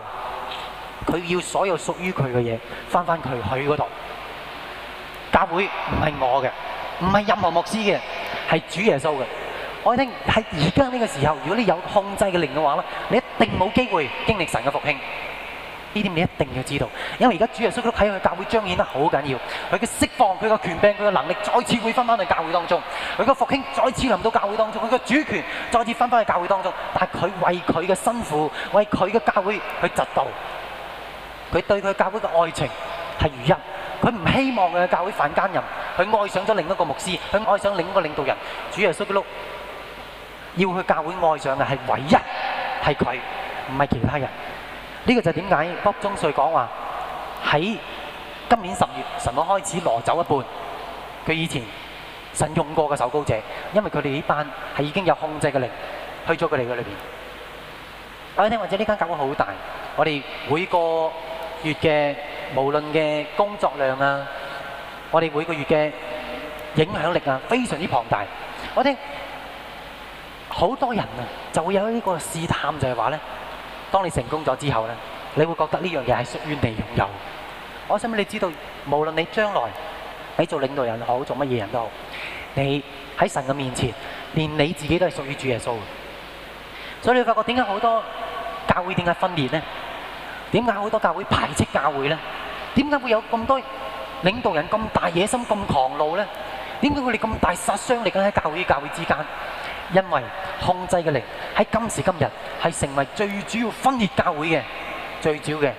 佢要所有屬於佢嘅嘢翻翻佢去嗰度。教會唔係我嘅，唔係任何牧師嘅，係主耶穌嘅。我哋聽喺而家呢個時候，如果你有控制嘅靈嘅話咧，你一定冇機會經歷神嘅復興。呢點你一定要知道，因為而家主耶穌都睇佢教會彰顯得好緊要，佢嘅釋放，佢嘅權柄，佢嘅能力再次會翻翻去教會當中，佢嘅復興再次臨到教會當中，佢嘅主權再次翻翻去教會當中，但係佢為佢嘅辛苦，為佢嘅教會去執道，佢對佢教會嘅愛情係如一。佢唔希望佢嘅教會犯奸淫，佢愛上咗另一個牧師，佢愛上另一個領導人。主耶穌基督要去教會愛上嘅係唯一係佢，唔係其他人。呢個就係點解卜中瑞講話喺今年十月神我開始挪走一半。佢以前神用過嘅手高者，因為佢哋呢班係已經有控制嘅力去咗佢哋嘅裏邊。各位聽，或者呢間教會好大，我哋每個月嘅。無論嘅工作量啊，我哋每個月嘅影響力啊，非常之龐大。我哋好多人啊，就會有呢個試探，就係話咧：當你成功咗之後咧，你會覺得呢樣嘢係屬於你擁有的。我想問你知道，無論你將來你做領導人好，做乜嘢人都好，你喺神嘅面前，連你自己都係屬於主耶穌嘅。所以你發覺點解好多教會點解分裂咧？點解好多教會排斥教會咧？點解會有咁多領導人咁大野心、咁狂怒咧？點解佢哋咁大殺傷力嘅喺教會與教會之間？因為控制嘅力喺今時今日係成為最主要分裂教會嘅最主要嘅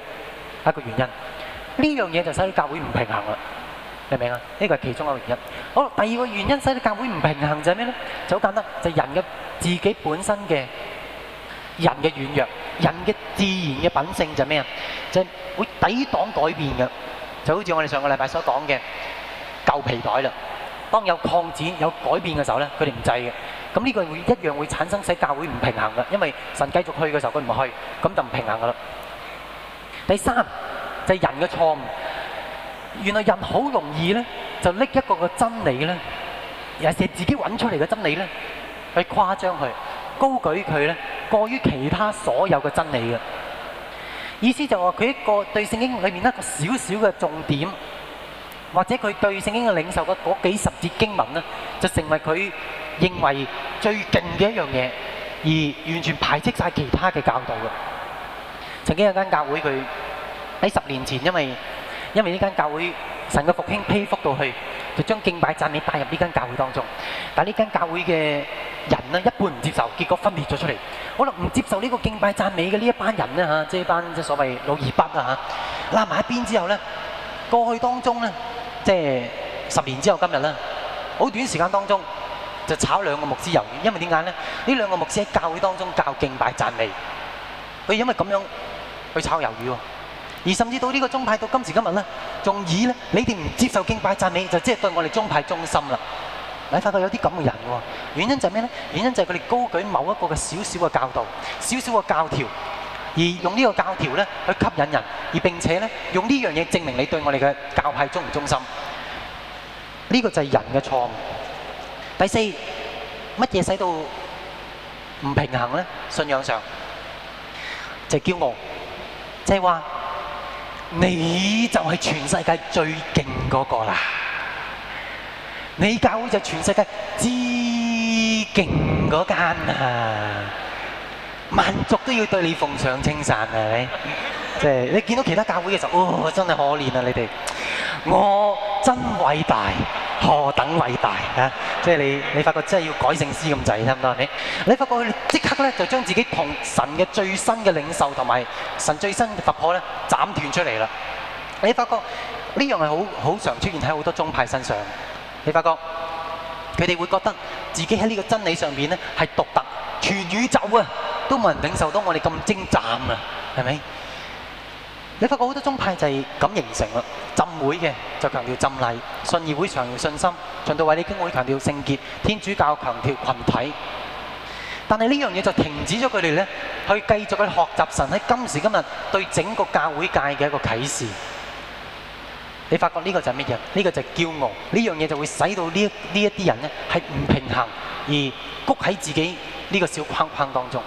一個原因。呢樣嘢就使到教會唔平衡啦，明唔明啊？呢、這個係其中一個原因。好，第二個原因使到教會唔平衡就係咩咧？就好簡單，就係、是、人嘅自己本身嘅人嘅軟弱。人嘅自然嘅品性就咩啊？就係、會抵擋改變嘅，就好似我哋上個禮拜所講嘅舊皮袋啦。當有擴展、有改變嘅時候呢，佢哋唔制嘅。咁呢個會一樣會產生使教會唔平衡嘅，因為神繼續去嘅時候佢唔去，咁就唔平衡噶啦。第三就係、是、人嘅錯誤。原來人好容易呢，就拎一個個真理咧，又是自己揾出嚟嘅真理呢，去誇張佢。高舉佢咧，過於其他所有嘅真理嘅意思，就話佢一個對聖經裏面一個少少嘅重點，或者佢對聖經嘅領受嘅嗰幾十節經文咧，就成為佢認為最勁嘅一樣嘢，而完全排斥晒其他嘅教導嘅。曾經有一間教會，佢喺十年前因為。因為呢間教會神嘅復興披覆到去，就將敬拜讚美帶入呢間教會當中。但係呢間教會嘅人呢，一半唔接受，結果分裂咗出嚟。可能唔接受呢個敬拜讚美嘅呢一班人呢嚇、啊，即係一班即係所謂老二北啊嚇，攬埋一邊之後呢，過去當中呢，即係十年之後今日呢，好短時間當中就炒兩個牧師魷魚。因為點解呢？呢兩個牧師喺教會當中教敬拜讚美，佢因為咁樣去炒魷魚喎。而甚至到呢個宗派到今時今日咧，仲以咧你哋唔接受敬拜讚美，就即係對我哋宗派忠心啦。你發覺有啲咁嘅人喎、啊，原因就係咩咧？原因就係佢哋高舉某一個嘅小小嘅教導、小小嘅教條，而用呢個教條咧去吸引人，而並且咧用呢樣嘢證明你對我哋嘅教派忠唔忠心。呢、這個就係人嘅錯誤。第四，乜嘢使到唔平衡咧？信仰上就係、是、驕傲，即係話。你就係全世界最勁嗰個啦！你教會就全世界最勁嗰間啊！民族都要對你奉上稱讚、 即係，你見到其他教會嘅時候，哦、真係可憐、啊、你哋，我真偉大，何等偉大即係你，你發覺真係要改姓師咁滯，差唔多你。你發覺佢即刻咧就將自己同神嘅最新嘅領受同埋神最新嘅突破咧，斬斷出嚟啦。你發覺呢樣係好好常出現喺好多宗派身上。你發覺佢哋會覺得自己喺呢個真理上面咧係獨特，全宇宙啊都冇人領受到我哋咁精湛啊，係咪？你發覺好多宗派就係咁形成啦，浸會嘅就強調浸禮，信義會強調信心，循道衛理公會強調聖潔，天主教強調群體。但係呢樣嘢就停止咗佢哋咧，去繼續去學習神喺今時今日對整個教會界嘅一個啟示。你發覺呢個就係乜嘢？呢、這個就係驕傲。呢樣嘢就會使到呢呢一啲人咧係唔平衡，而谷喺自己呢個小框框當中。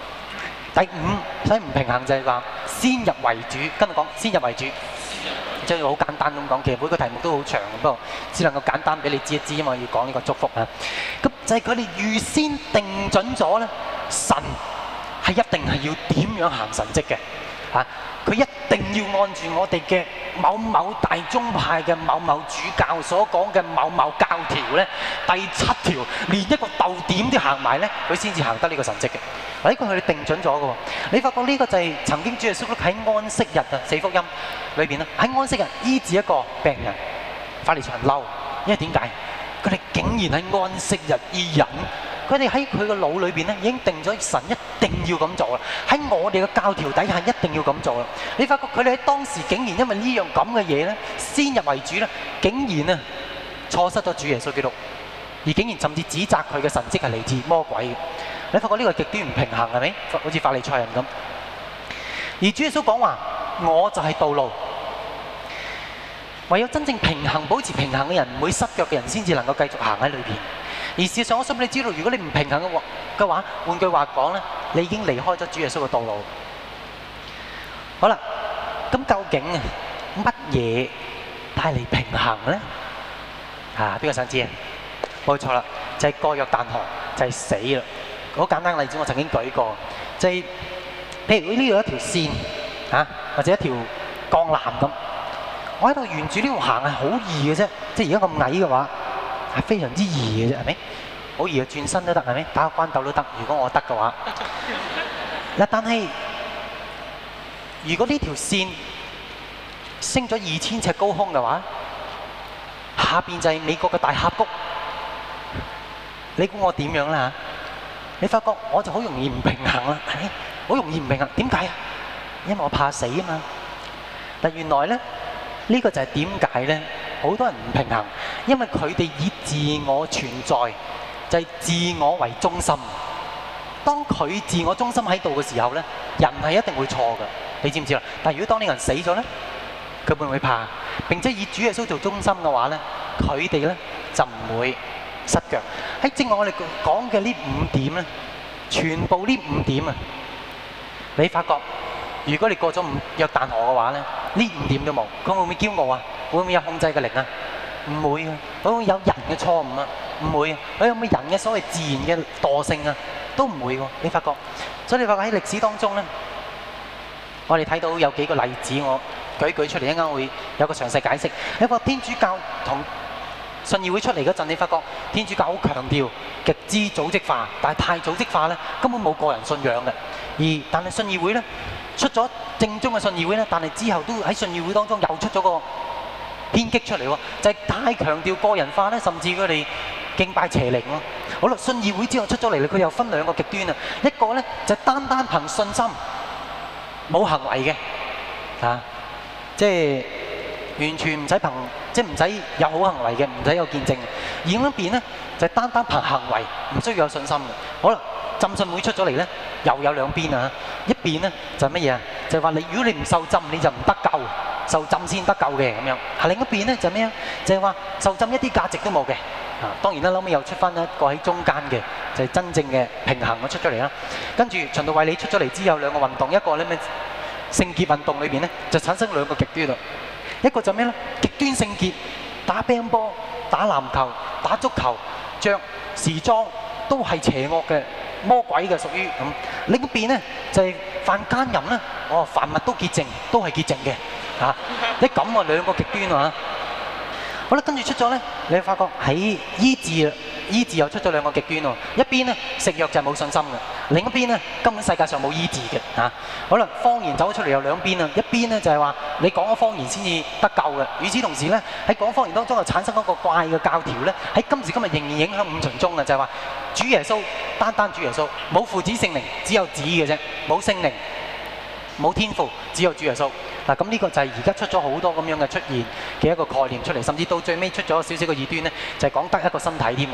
第五，所以唔平衡就係話先入為主，跟住講先入為主，將佢好簡單咁講。其實每個題目都好長嘅，不過只能夠簡單俾你知一知，因為啊。要講呢個祝福啊，咁就係佢哋預先定準咗咧，神係一定係要點樣行神跡嘅嚇。啊佢一定要按住我哋嘅某某大宗派嘅某某主教所講嘅某某教條咧，第七條連一個逗點都行埋咧，佢先至行得呢個神蹟嘅。呢、呢個佢哋定準咗嘅。你發覺呢個就係曾經主耶穌喺安息日啊，四福音裏邊啦，喺安息日醫治一個病人，法利賽人嬲，因為點解？佢哋竟然喺安息日醫人。佢哋喺佢個腦裏邊咧，已經定咗神一定要咁做啦。喺我哋嘅教條底下，一定要咁做啦。你發覺佢哋喺當時竟然因為呢樣咁嘅嘢咧，先入為主咧，竟然啊錯失咗主耶穌基督，而竟然甚至指責佢嘅神蹟係嚟自魔鬼嘅。你發覺呢個極端唔平衡係咪？好似法利賽人咁。而主耶穌講話：我就係道路。唯有真正平衡、保持平衡嘅人，唔會失腳嘅人，先至能夠繼續行喺裏邊。而事實上，我想俾你知道，如果你唔平衡嘅話，嘅話，換句話講咧，你已經離開咗主耶穌嘅道路。好啦，咁究竟乜嘢帶嚟平衡咧？嚇，邊個想知啊？冇錯啦，就係過約旦河，就係死啦！好簡單嘅例子，我曾經舉過，就係譬如呢度一條線嚇，或者一條鋼纜咁，我喺度沿住呢度行係好易嘅啫，即係而家咁矮嘅話。係非常之易嘅啫，係咪？好易啊，轉身都得，係咪？打個關斗都得。如果我得嘅話，但係如果呢條線升咗二千尺高空嘅話，下邊就係美國嘅大峽谷。你估我點樣啦？吓，你發覺我就好容易唔平衡啦，係咪？好容易唔平衡，點解啊？因為我怕死啊嘛。但原來咧，呢個就係點解咧？好多人唔平衡，因為佢哋以自我存在，就係、是、自我為中心。當佢自我中心喺度嘅時候呢，人係一定會錯嘅。你知唔知啊？但係如果當呢個人死咗呢，佢會唔會怕？並且以主耶穌做中心嘅話呢，佢哋呢就唔會失腳。喺正我哋講嘅呢五點呢，全部呢五點啊，你發覺如果你過咗約旦河嘅話呢，呢五點都冇，佢會唔會驕傲啊？會唔會有控制嘅力啊？唔會嘅，會唔會有人嘅錯誤啊？唔會嘅，佢有冇人嘅所謂自然嘅惰性啊？都唔會喎，你發覺。所以你發覺喺歷史當中咧，我哋睇到有幾個例子，我舉舉出嚟一間會有個詳細解釋。一個天主教同信義會出嚟嗰陣，你發覺天主教好強調極之組織化，但係太組織化咧，根本冇個人信仰嘅。而但係信義會咧，出咗正宗嘅信義會咧，但係之後都喺信義會當中又出咗個。偏激出嚟喎，就係太強調個人化咧，甚至佢哋敬拜邪靈咯。好啦，信義會之後出咗嚟佢又分兩個極端啊。一個咧就係單單憑信心，冇行為嘅，啊，即係完全唔使憑，即係唔使有好行為嘅，唔使有見證。另一邊咧就係單單憑行為，唔需要有信心嘅。好啦。浸信會出咗嚟咧，又有兩邊啊！一邊咧就係乜嘢啊？就係話你如果你唔受浸，你就唔得救，受浸先得救嘅咁樣。另一邊咧就咩啊？就係話受浸一啲價值都冇嘅。啊，當然啦，後屘又出翻一個喺中間嘅，就係真正嘅平衡我出咗嚟啦。跟住循道衛理你出咗嚟之後，兩個運動一個咧咩聖潔運動裏邊咧，就產生兩個極端度。一個就咩咧？極端聖潔，打乒乓波、打籃球、打足球、着時裝。都係邪惡嘅魔鬼嘅，屬於咁。你嗰邊咧就係、是、犯奸淫啦。哦，凡物都潔淨，都係潔淨嘅。吓。你咁啊兩個極端啊！好啦，跟住出咗咧，你會發覺喺醫治，醫治又出咗兩個極端喎。一邊咧食藥就係冇信心嘅，另一邊咧根本世界上冇醫治嘅嚇。好啦，方言走咗出嚟有兩邊啦。一邊咧就係話你講咗方言先至得救嘅。與此同時咧，喺講方言當中啊，產生一個怪嘅教條咧，喺今時今日仍然影響五旬宗嘅，就係話主耶穌，單單主耶穌，冇父子聖靈，只有子嘅啫，冇聖靈。冇天賦，只有主耶穌嗱。咁、啊、呢個就係而家出咗好多咁樣嘅出現嘅一個概念出嚟，甚至到最尾出咗少少嘅異端呢，就係講得一個身體添嘅。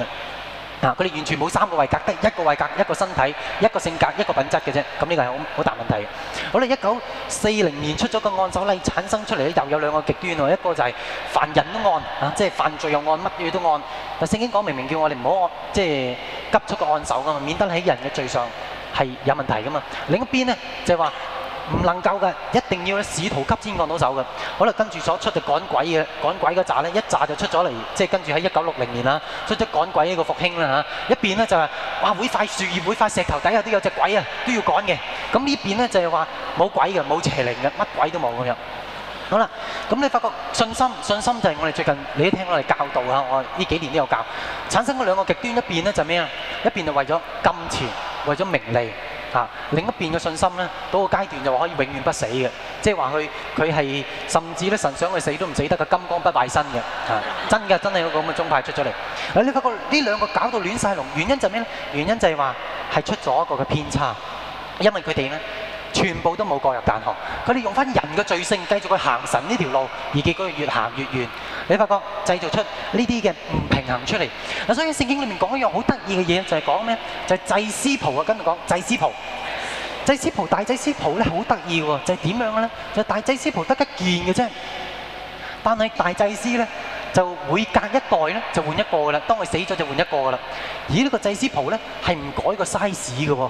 嗱、啊，佢哋完全冇三個位格，得一個位格，一個身體，一個性格，一個品質嘅啫。咁、啊、呢個係好好大問題。好啦，一九四零年出咗個按手禮產生出嚟又有兩個極端喎。一個就係犯人都按，啊，即係犯罪又按，乜嘢都按。但係聖經講明明叫我哋唔好按，即係急速嘅按手㗎嘛，免得喺人嘅罪上係有問題㗎嘛。另一邊呢，就係、是、話。唔能夠㗎，一定要喺仕途急先攬到手㗎。好啦，跟住所出就趕鬼嘅，趕鬼嗰紮咧，一紮就出咗嚟，即係跟住喺一九六零年啦，出咗趕鬼呢個復興啦嚇。一邊咧就係，哇每塊樹葉，每塊石頭底下都有隻鬼啊，都要趕嘅。咁呢邊咧就係話冇鬼嘅，冇邪靈嘅，乜鬼都冇咁樣。好啦，咁你發覺信心，信心就係我哋最近你都聽啦，我哋教導啊，我呢幾年都有教，產生咗兩個極端，一邊咧就咩啊？一邊就為咗金錢，為咗名利。啊！另一邊嘅信心咧，嗰個階段就話可以永遠不死嘅，即係話佢佢係甚至咧神想佢死都唔死得，個金剛不壞身嘅，嚇、啊！真嘅，真係有個咁嘅宗派出咗嚟。誒、啊，你發覺呢兩個搞到亂曬龍，原因就係咩咧？原因就係話係出咗一個嘅偏差，因為佢哋咧。全部都冇過入蛋殼，佢哋用翻人嘅罪性繼續去行神呢條路，而結果越行越遠。你發覺製造出呢啲嘅唔平衡出嚟。嗱，所以聖經裏面講一樣好得意嘅嘢，就係講咩？就係祭司袍啊，跟住講祭司袍，祭司袍大祭司袍咧好得意喎，就係點樣嘅咧？就係大祭司袍得一件嘅啫。但係大祭司咧就每隔一代咧就換一個㗎啦，當佢死咗就換一個㗎啦。而呢個祭司袍咧係唔改個 size 嘅喎。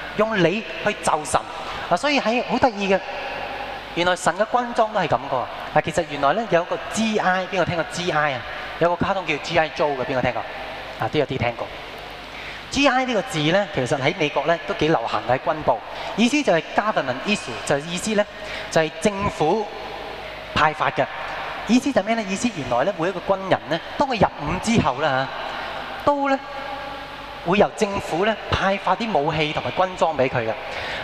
用你去就神，啊，所以喺好得意嘅，原來神嘅軍裝都係咁嘅。啊，其實原來咧有個 G.I. 邊個聽過 G.I. 啊？有個卡通叫 G.I. Joe 嘅，邊個聽過？啊，都有啲聽過。G.I. 呢個字咧，其實喺美國咧都幾流行喺軍部，意思就係 government issue，就意思咧就係政府派發嘅。意思就係咩咧？意思原來咧每一個軍人咧，當佢入伍之後咧嚇，都咧。會由政府咧派發啲武器同埋軍裝俾佢嘅。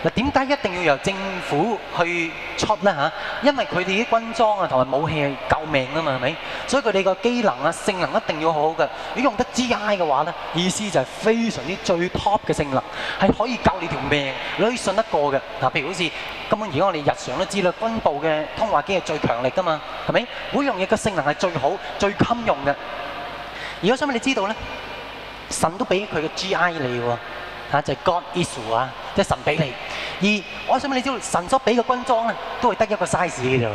嗱，點解一定要由政府去出呢？嚇、啊？因為佢哋啲軍裝啊同埋武器係救命㗎嘛，係咪？所以佢哋個機能啊性能一定要好好嘅。如果用得 G I 嘅話呢，意思就係非常之最 top 嘅性能，係可以救你條命，你可以信得過嘅。嗱、啊，譬如好似根本而家我哋日常都知啦，軍部嘅通話機係最強力㗎嘛，係咪？每樣嘢嘅性能係最好、最襟用嘅。如果想俾你知道呢。神都俾佢嘅 GI 你㗎、啊、喎，嚇就係、God issue 啊，即係神俾你。而我想俾你知道，神所俾嘅軍裝咧，都係得一個 size 嘅啫，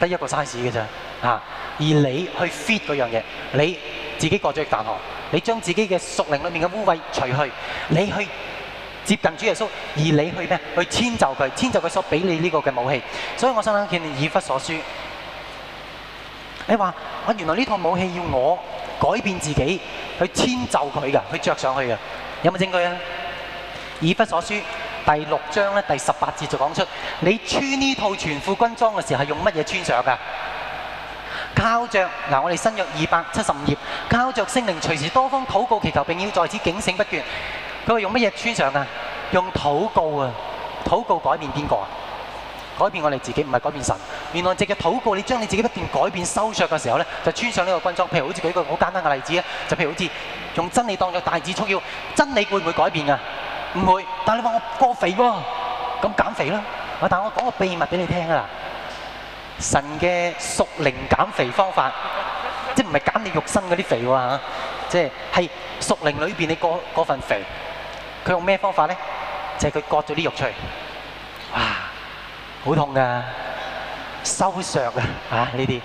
得一個 size 嘅咋嚇。而你去 fit 嗰樣嘢，你自己過咗約旦河，你將自己嘅屬靈裏面嘅污穢除去，你去接近主耶穌，而你去咩？去遷就佢，遷就佢所俾你呢個嘅武器。所以我想見你，以弗所書，你話我、啊、原來呢套武器要我。改變自己，去遷就佢噶，去着上去噶，有冇證據啊？以弗所書第六章咧，第十八節就講出，你穿呢套全副軍裝嘅時候係用乜嘢穿上噶？靠着嗱、啊，我哋新約二百七十五頁，靠着聖靈隨時多方禱告祈求，並要在此警醒不倦。佢話用乜嘢穿上噶？用禱告啊！禱告改變邊個啊？改變我哋自己，唔係改變神。原來藉著禱告，你將你自己不斷改變、收縮嘅時候咧，就穿上呢個軍裝。譬如好似舉一個好簡單嘅例子咧，就譬如好似用真理當作帶子束腰，真理會唔會改變啊？唔會。但係你話我過肥喎，咁減肥啦。但係我講個秘密俾你聽啊啦！神嘅屬靈減肥方法，即係唔係減你肉身嗰啲肥喎嚇，即係係屬靈裏邊你過嗰份肥，佢用咩方法咧？就係佢割咗啲肉出嚟。哇！好痛噶，收削啊！啊呢啲，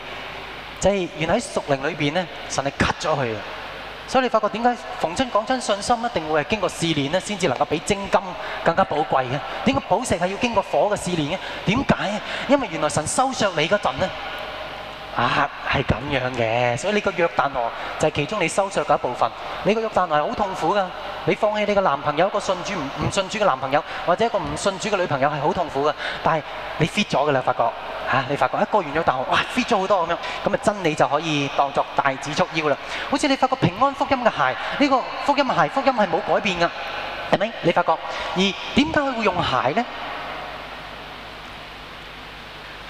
即係原來喺熟靈裏邊咧，神係 cut 咗佢，所以你發覺點解逢親講親信心一定會係經過試煉咧，先至能夠比精金更加寶貴嘅？點解寶石係要經過火嘅試煉嘅？點解？因為原來神收削你嗰陣咧。啊，係咁樣嘅，所以你個約旦河就係其中你收縮嘅一部分。你個約旦河係好痛苦㗎，你放棄你個男朋友一個信主唔唔信主嘅男朋友，或者一個唔信主嘅女朋友係好痛苦㗎。但係你 fit 咗㗎啦，發覺嚇，你發覺一個完約旦河，哇 fit 咗好多咁樣，咁啊真理就可以當作大指束腰啦。好似你發覺平安福音嘅鞋，呢個福音鞋福音係冇改變㗎，係咪？你發覺而點解佢會用鞋呢？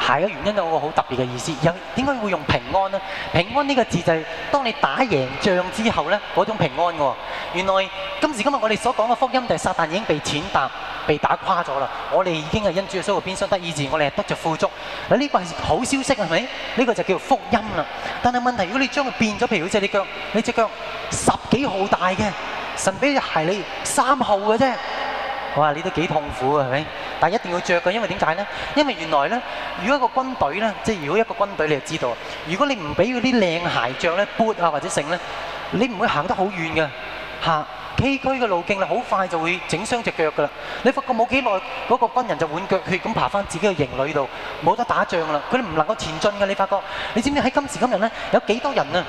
鞋嘅原因有個好特別嘅意思，又點解會用平安呢？「平安呢個字就係、是、當你打贏仗之後呢，嗰種平安喎。原來今時今日我哋所講嘅福音，就係、是、撒旦已經被踐踏、被打垮咗啦。我哋已經係因住嘅所賜變相得醫治，我哋係得着富足。嗱，呢個係好消息係咪？呢、這個就叫做福音啦。但係問題是，如果你將佢變咗，譬如好似你腳你隻腳十幾號大嘅，神俾隻鞋你三號嘅啫。我話你都幾痛苦啊，係咪？但係一定要著嘅，因為點解咧？因為原來咧，如果一個軍隊咧，即係如果一個軍隊，你就知道，如果你唔俾嗰啲靚鞋著咧，boot 啊或者剩咧，你唔會行得好遠嘅行崎嶇嘅路徑啦，好快就會整傷隻腳嘅啦。你發覺冇幾耐，嗰個軍人就滿腳血咁爬返自己嘅營裏度，冇得打仗啦，佢哋唔能夠前進嘅。你發覺，你知唔知喺今時今日咧，有幾多人啊，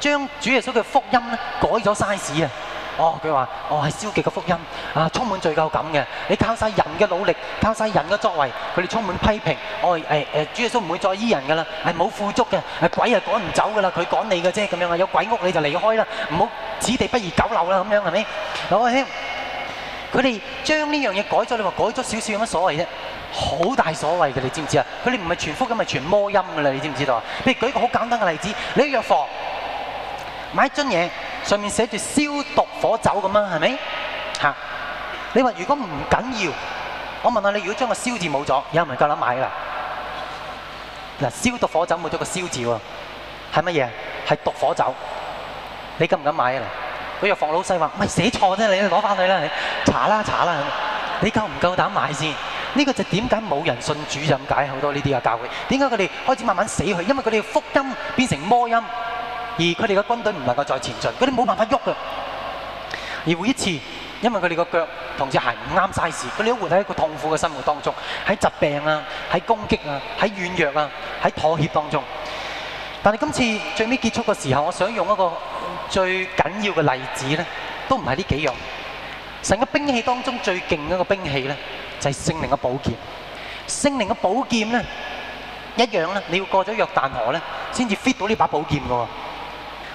將主耶穌嘅福音咧改咗 size 啊？哦，佢話：哦係消極嘅福音啊，充滿罪疚感嘅。你靠晒人嘅努力，靠晒人嘅作為，佢哋充滿批評。哦誒誒、哎，主耶穌唔會再醫人㗎啦。係冇富足嘅，係、啊、鬼啊趕唔走㗎啦，佢趕你嘅啫咁樣啊。有鬼屋你就離開啦，唔好此地不宜久留啦咁樣係咪？好啊，兄，佢哋將呢樣嘢改咗，你話改咗少少有乜所謂啫？好大所謂嘅，你知唔知啊？佢哋唔係全福音，咪全魔音㗎啦，你知唔知道啊？你舉個好簡單嘅例子，你藥房。買樽嘢上面寫住消毒火酒咁啦，係咪？吓！你話如果唔緊要，我問下你，如果將個消字冇咗，有唔咪夠膽買啦？嗱，消毒火酒冇咗個消字喎，係乜嘢？係毒火酒。你敢唔敢買啊？嗰個房老細話，咪寫錯啫，你攞翻去啦，查啦查啦，你夠唔夠膽買先？呢個就點解冇人信主任解好多呢啲嘅教會？點解佢哋開始慢慢死去？因為佢哋福音變成魔音。而佢哋嘅軍隊唔能夠再前進，佢哋冇辦法喐嘅。而每一次，因為佢哋個腳同隻鞋唔啱曬時，佢哋都活喺一個痛苦嘅生活當中，喺疾病啊，喺攻擊啊，喺軟弱啊，喺妥協當中。但係今次最尾結束嘅時候，我想用一個最緊要嘅例子咧，都唔係呢幾樣。成個兵器當中最勁一個兵器咧，就係聖靈嘅寶劍。聖靈嘅寶劍咧，一樣咧，你要過咗約旦河咧，先至 fit 到呢把寶劍嘅。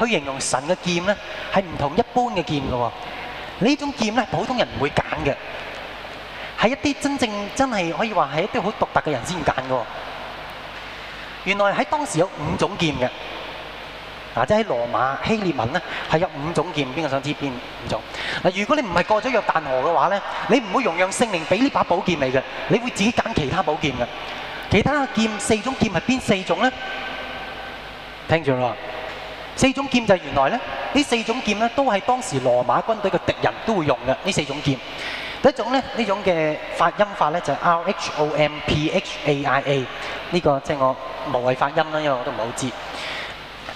佢形容神嘅劍咧，係唔同一般嘅劍嘅喎、哦。呢種劍咧，普通人唔會揀嘅，係一啲真正真係可以話係一啲好獨特嘅人先揀嘅。原來喺當時有五種劍嘅，嗱、啊、即係喺羅馬希臘文咧，係有五種劍。邊個想知邊五種？嗱、啊，如果你唔係過咗約旦河嘅話咧，你唔會容讓聖靈俾呢把寶劍你嘅，你會自己揀其他寶劍嘅。其他劍四種劍係邊四種咧？聽住啦。四種劍就係原來咧，呢四種劍咧都係當時羅馬軍隊嘅敵人都會用嘅呢四種劍。第一種咧，呢種嘅發音法咧就係 R H O M P H A I A，呢個即係我無謂發音啦，因為我都唔係好知。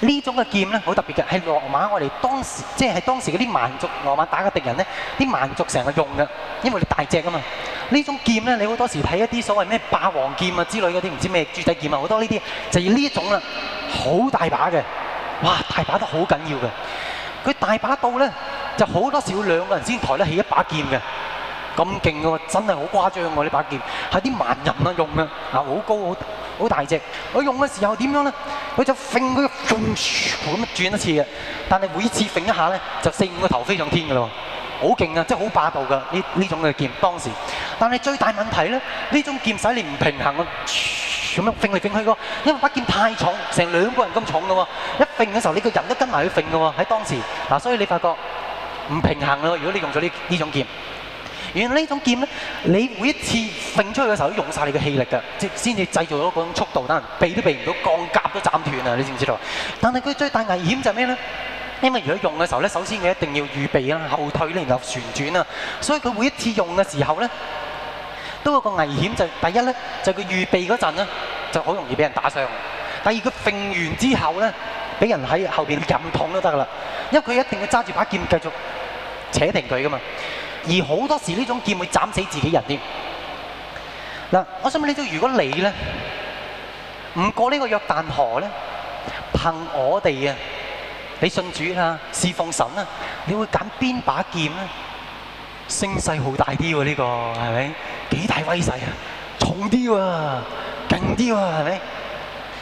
呢種嘅劍咧好特別嘅，喺羅馬我哋當時即係喺當時嗰啲蠻族羅馬打嘅敵人咧，啲蠻族成日用㗎，因為你大隻啊嘛。呢種劍咧，你好多時睇一啲所謂咩霸王劍啊之類嗰啲唔知咩豬仔劍啊，好多呢啲就係呢一種啦，好大把嘅。哇！大把都好緊要嘅，佢大把到咧，就好多時要兩個人先抬得起一把劍嘅，咁勁喎，真係好誇張喎、啊！呢把劍係啲盲人啊用嘅，啊好高好好大隻，我用嘅時候點樣咧？佢就揈佢咁轉一次嘅，但係每次揈一下咧，就四五個頭飛上天嘅咯。好勁啊！即係好霸道㗎呢呢種嘅劍，當時。但係最大問題咧，呢種劍使你唔平衡啊！咁樣揈嚟揈去個，因為把劍太重，成兩個人咁重㗎喎。一揈嘅時候，你個人都跟埋去揈㗎喎。喺當時嗱、啊，所以你發覺唔平衡咯。如果你用咗呢呢種劍，原來呢種劍咧，你每一次揈出去嘅時候都用晒你嘅氣力㗎，即係先至製造咗嗰種速度，等人避都避唔到，鋼甲都斬斷啊！你知唔知道？但係佢最大危險就係咩咧？因為如果用嘅時候咧，首先佢一定要預備啊、後退咧、然後旋轉啊，所以佢每一次用嘅時候咧，都有一個危險、就是。就第一咧，就佢預備嗰陣咧，就好容易俾人打傷；第二，佢揈完之後咧，俾人喺後邊撳痛都得噶啦。因為佢一定要揸住把劍繼續扯停佢噶嘛。而好多時呢種劍會斬死自己人添。嗱，我想問你：如果你咧唔過呢個約旦河咧，憑我哋啊？你信主啊，侍奉神啊，你會揀邊把劍咧？聲勢好大啲喎、啊，呢、這個係咪？幾大威勢啊？重啲喎、啊，勁啲喎，係咪？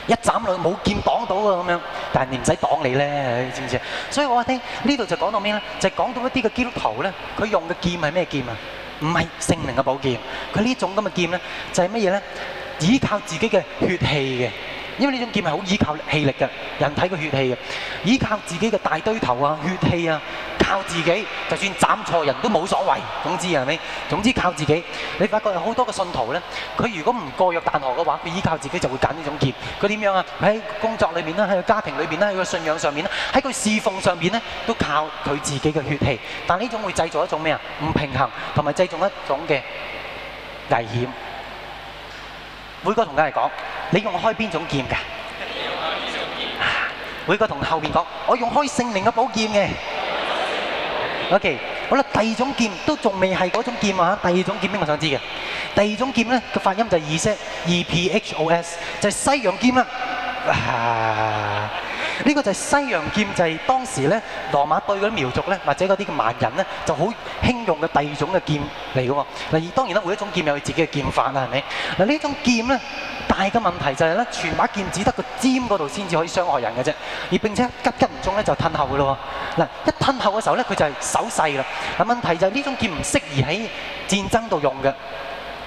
一斬落冇劍擋到啊，咁樣。但係你唔使擋你呢，你知唔知？所以我話這呢度就講到咩呢？就講到一啲嘅基督徒呢，佢用嘅劍係咩劍啊？唔係聖靈嘅寶劍，佢呢種咁嘅劍呢，就係乜嘢呢、啊呢，就是、呢？依靠自己嘅血氣嘅。因為呢種劍係好依靠氣力嘅，人體嘅血氣嘅，依靠自己嘅大堆頭啊、血氣啊，靠自己，就算斬錯人都冇所謂。總之係咪？總之靠自己。你發覺有好多嘅信徒呢，佢如果唔過約旦河嘅話，佢依靠自己就會揀呢種劍。佢點樣啊？喺工作裏面啦，喺個家庭裏面啦，喺個信仰上面啦，喺佢侍奉上面咧，都靠佢自己嘅血氣。但呢種會製造一種咩啊？唔平衡，同埋製造一種嘅危險。每個同佢嚟講，你用開邊種劍㗎？每個同後邊講，我用開聖靈嘅寶劍嘅。OK，好啦，第二種劍都仲未係嗰種劍啊！第二種劍邊，我想知嘅。第二種劍咧，個發音就係意識，EPHOS，就西洋劍啦。呢個就係西洋劍，就係當時咧羅馬對嗰啲苗族咧，或者嗰啲嘅蠻人咧，就好輕用嘅第二種嘅劍嚟嘅喎。嗱，當然啦，每一種劍有佢自己嘅劍法啦，係咪？嗱，呢種劍咧，大嘅問題就係咧，全把劍只得個尖嗰度先至可以傷害人嘅啫，而並且拮拮唔中咧就褪後嘅咯喎。嗱，一褪後嘅時候咧，佢就係手勢啦。嗱，問題就係呢種劍唔適宜喺戰爭度用嘅。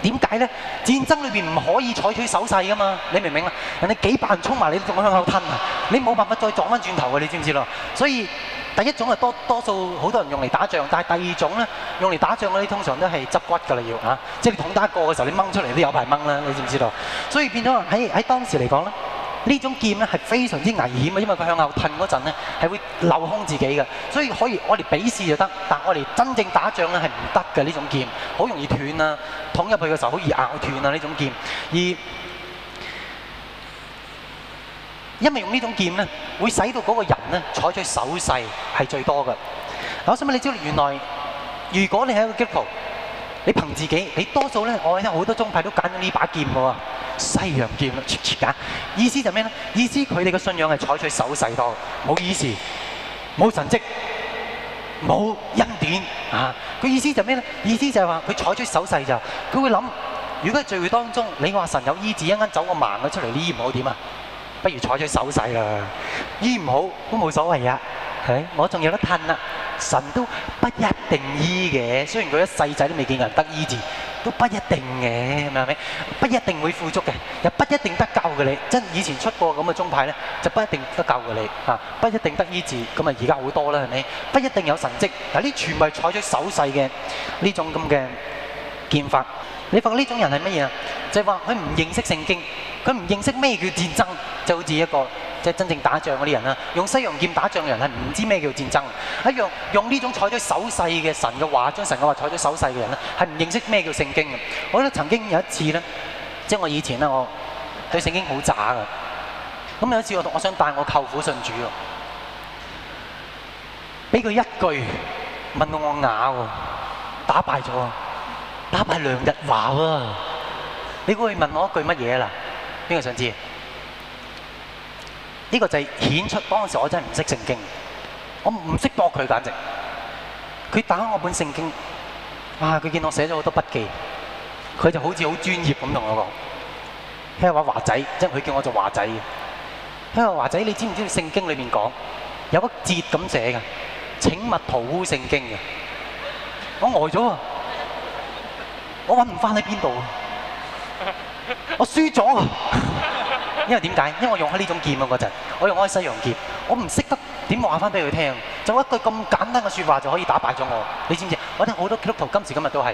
點解呢？戰爭裏邊唔可以採取手勢噶嘛？你明唔明啊？人哋幾百人衝埋你，仲向後吞啊！你冇辦法再撞翻轉頭嘅，你知唔知咯？所以第一種係，多多數好多人用嚟打仗，但係第二種呢，用嚟打仗嗰啲通常都係執骨噶啦，要、啊、嚇，即係你捅打過嘅時候，你掹出嚟都有排掹啦，你知唔知道？所以變咗喺喺當時嚟講呢。呢種劍咧係非常之危險啊，因為佢向後褪嗰陣咧係會漏空自己嘅，所以可以我哋比試就得，但我哋真正打仗咧係唔得嘅呢種劍，好容易斷啊，捅入去嘅時候好易咬斷啊呢種劍，而因為用呢種劍咧，會使到嗰個人咧採取手勢係最多嘅。我想問你知唔知原來如果你係一個 g r i p 你憑自己，你多數咧，我睇到好多宗派都揀咗呢把劍喎、啊，西洋劍，切切撮，意思就咩咧？意思佢哋嘅信仰係採取手勢多，冇意思，冇神蹟，冇恩典啊。佢意思就咩咧？意思就係話佢採取手勢就，佢會諗，如果喺聚會當中，你話神有醫治，一陣間走個盲嘅出嚟，你醫唔好點啊？不如採取手勢啦，醫唔好都冇所謂啊。我仲有得吞啦。神都不一定醫嘅，雖然佢一世仔都未見人得醫治，都不一定嘅，係咪？不一定會富足嘅，又不一定得救嘅你，真以前出過咁嘅宗派咧，就不一定得救嘅你嚇，不一定得醫治，咁啊而家好多啦，係咪？不一定有神蹟，嗱呢全部係採取手勢嘅呢種咁嘅見法。你發覺呢種人係乜嘢啊？就係話佢唔認識聖經，佢唔認識咩叫戰爭，就好似一個。即係真正打仗嗰啲人啦，用西洋劍打仗嘅人係唔知咩叫戰爭，一樣用用呢種採取守勢嘅神嘅話，將神嘅話採取守勢嘅人咧，係唔認識咩叫聖經嘅。我覺得曾經有一次咧，即係我以前咧，我對聖經好渣嘅。咁有一次我我想帶我舅父信主喎，俾佢一句問到我啞喎，打敗咗，啊，打敗梁日華啊。你估會問我一句乜嘢啊？邊個想知？呢個就係顯出當時我真係唔識聖經，我唔識駁佢，簡直佢打開我本聖經，啊佢見我寫咗好多筆記，佢就好似好專業咁同我講，聽話華仔，即係佢叫我做華仔。聽話華仔，你知唔知聖經裏面講有一個節咁寫嘅？請勿塗污聖經嘅。我呆咗啊，我揾唔翻喺邊度，啊？我輸咗啊！ 因為點解？因為我用開呢種劍啊！嗰陣我用開西洋劍，我唔識得點話翻俾佢聽，就一句咁簡單嘅説話就可以打敗咗我。你知唔知？我聽好多基督徒今時今日都係，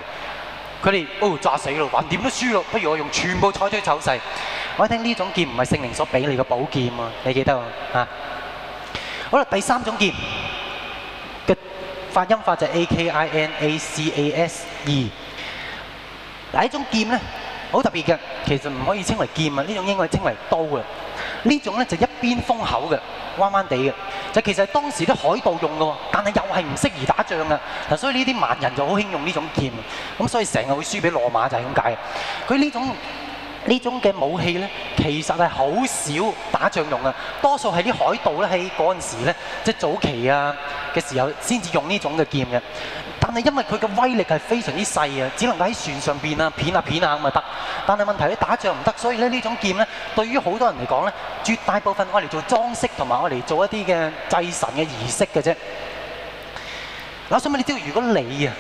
佢哋哦炸死咯，橫掂都輸咯。不如我用全部採取守勢。我聽呢種劍唔係聖靈所俾你嘅寶劍啊！你記得啊？好啦，第三種劍，嘅發音法就係 A K I N A C A SE，嗱，呢種劍咧。好特別嘅，其實唔可以稱為劍啊，呢種應該稱為刀啊。呢種咧就一邊封口嘅，彎彎地嘅，就其實係當時啲海盜用嘅喎，但係又係唔適宜打仗嘅。嗱，所以呢啲蠻人就好興用呢種劍啊，咁所以成日會輸俾羅馬就係咁解。佢呢種呢種嘅武器咧，其實係好少打仗用啊，多數係啲海盜咧喺嗰陣時咧，即係早期啊嘅時候先至用呢種嘅劍嘅。但係因為佢嘅威力係非常之細啊，只能夠喺船上邊啊，片啊片啊咁啊得。但係問題咧，打仗唔得，所以咧呢種劍咧，對於好多人嚟講咧，絕大部分愛嚟做裝飾同埋愛嚟做一啲嘅祭神嘅儀式嘅啫。嗱，我想問你知道如果你啊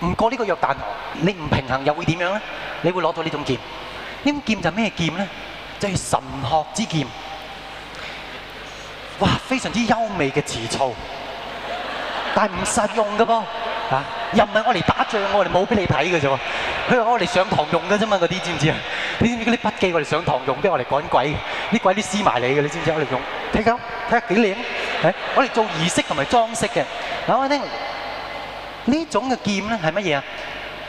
唔過呢個約旦你唔平衡又會點樣咧？你會攞到呢種劍，呢種劍就係咩劍咧？就係、是、神學之劍。哇，非常之優美嘅詞藻。但係唔實用㗎噃，嚇又唔係我嚟打仗，我哋冇俾你睇嘅啫喎。佢話我哋上堂用嘅啫嘛，嗰啲知唔知啊？你知唔知嗰啲筆記我哋上堂用，俾我哋趕鬼。啲鬼都黐埋你嘅，你知唔知我哋用？睇下睇下幾靚？誒，我哋做儀式同埋裝飾嘅。嗱，我哋呢種嘅劍咧係乜嘢啊？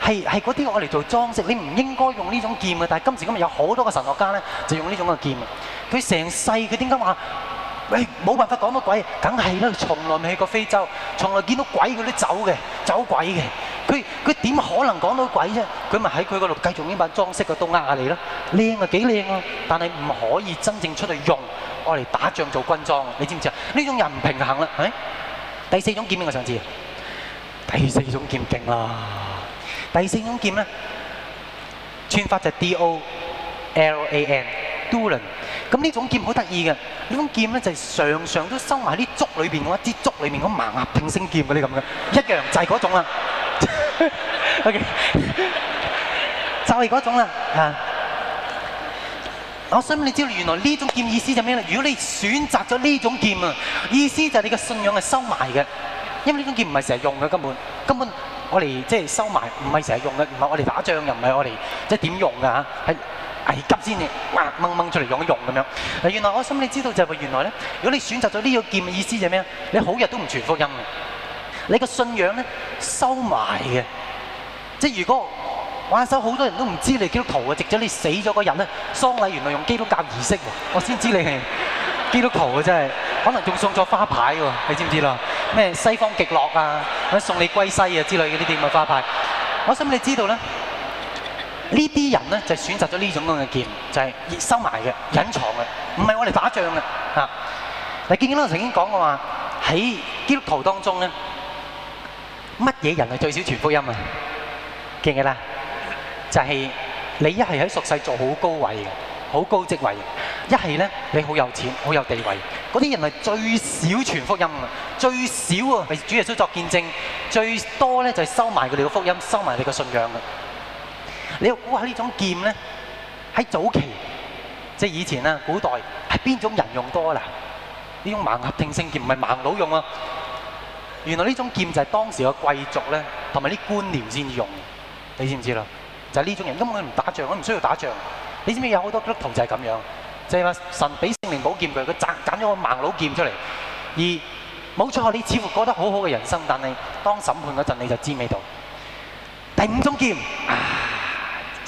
係係嗰啲我哋做裝飾，你唔應該用呢種劍嘅。但係今時今日有好多個神學家咧就用呢種嘅劍。佢成世佢點解話？喂，冇辦法講乜鬼，梗係啦，從來未去過非洲，從來見到鬼佢都走嘅，走鬼嘅，佢佢點可能講到鬼啫？佢咪喺佢嗰度繼續呢把裝飾嘅刀壓下你咯，靚啊，幾靚啊，但係唔可以真正出去用，愛嚟打仗做軍裝，你知唔知啊？呢種人唔平衡啦，係咪？第四種劍邊個想知啊？第四種劍勁啦，第四種劍咧，穿法就 D O L A N，Dolan。咁呢種劍好得意嘅，呢種劍咧就係常常都收埋啲竹裏面嗰一支竹裏面咁，鴨鶴並生劍嗰啲咁嘅，一樣就係嗰種啦。 OK， 就係嗰種啦嚇、啊。我想你知道，原來呢種劍意思就咩咧？如果你選擇咗呢種劍啊，意思就係你嘅信仰係收埋嘅，因為呢種劍唔係成日用嘅根本，根本我哋即係收埋，唔係成日用嘅，唔係我哋打仗又唔係我哋即係點用啊？係。危急先你掹掹出嚟用一用咁樣。原來我心，你知道就係原來咧。如果你選擇咗呢個劍嘅意思就係咩啊？你好日都唔傳福音嘅，你個信仰咧收埋嘅。即係如果我心好多人都唔知你基督徒嘅，直至你死咗個人咧，喪禮原來用基督教儀式喎。我先知你係基督徒嘅真係，可能仲送咗花牌喎。你知唔知啦？咩西方極樂啊，或者送你歸西啊之類嗰啲點嘅花牌。我心你知道咧。這些呢啲人咧就是、選擇咗呢種咁嘅劍，就係、是、收埋嘅、隱藏嘅，唔係我哋打仗嘅。啊！嗱，見唔見到我曾經講過話喺基督徒當中咧，乜嘢人係最少傳福音啊？記唔記得？就係、是、你一係喺俗世做好高位嘅、好高職位，一係咧你好有錢、好有地位，嗰啲人係最少傳福音啊，最少啊，為主耶穌作見證，最多咧就係收埋佢哋嘅福音，收埋你嘅信仰嘅。你又估下呢種劍咧？喺早期，即係以前啦，古代係邊種人用多啦？呢種盲俠定性劍唔係盲佬用啊！原來呢種劍就係當時嘅貴族咧，同埋啲官僚先至用。你知唔知啦？就係呢種人根本唔打仗，都唔需要打仗。你知唔知有好多基督徒就係咁樣？即係話神俾聖靈寶劍佢，佢揀揀咗個盲佬劍出嚟。而冇錯，你似乎過得好好嘅人生，但係當審判嗰陣你就知味道。第五種劍。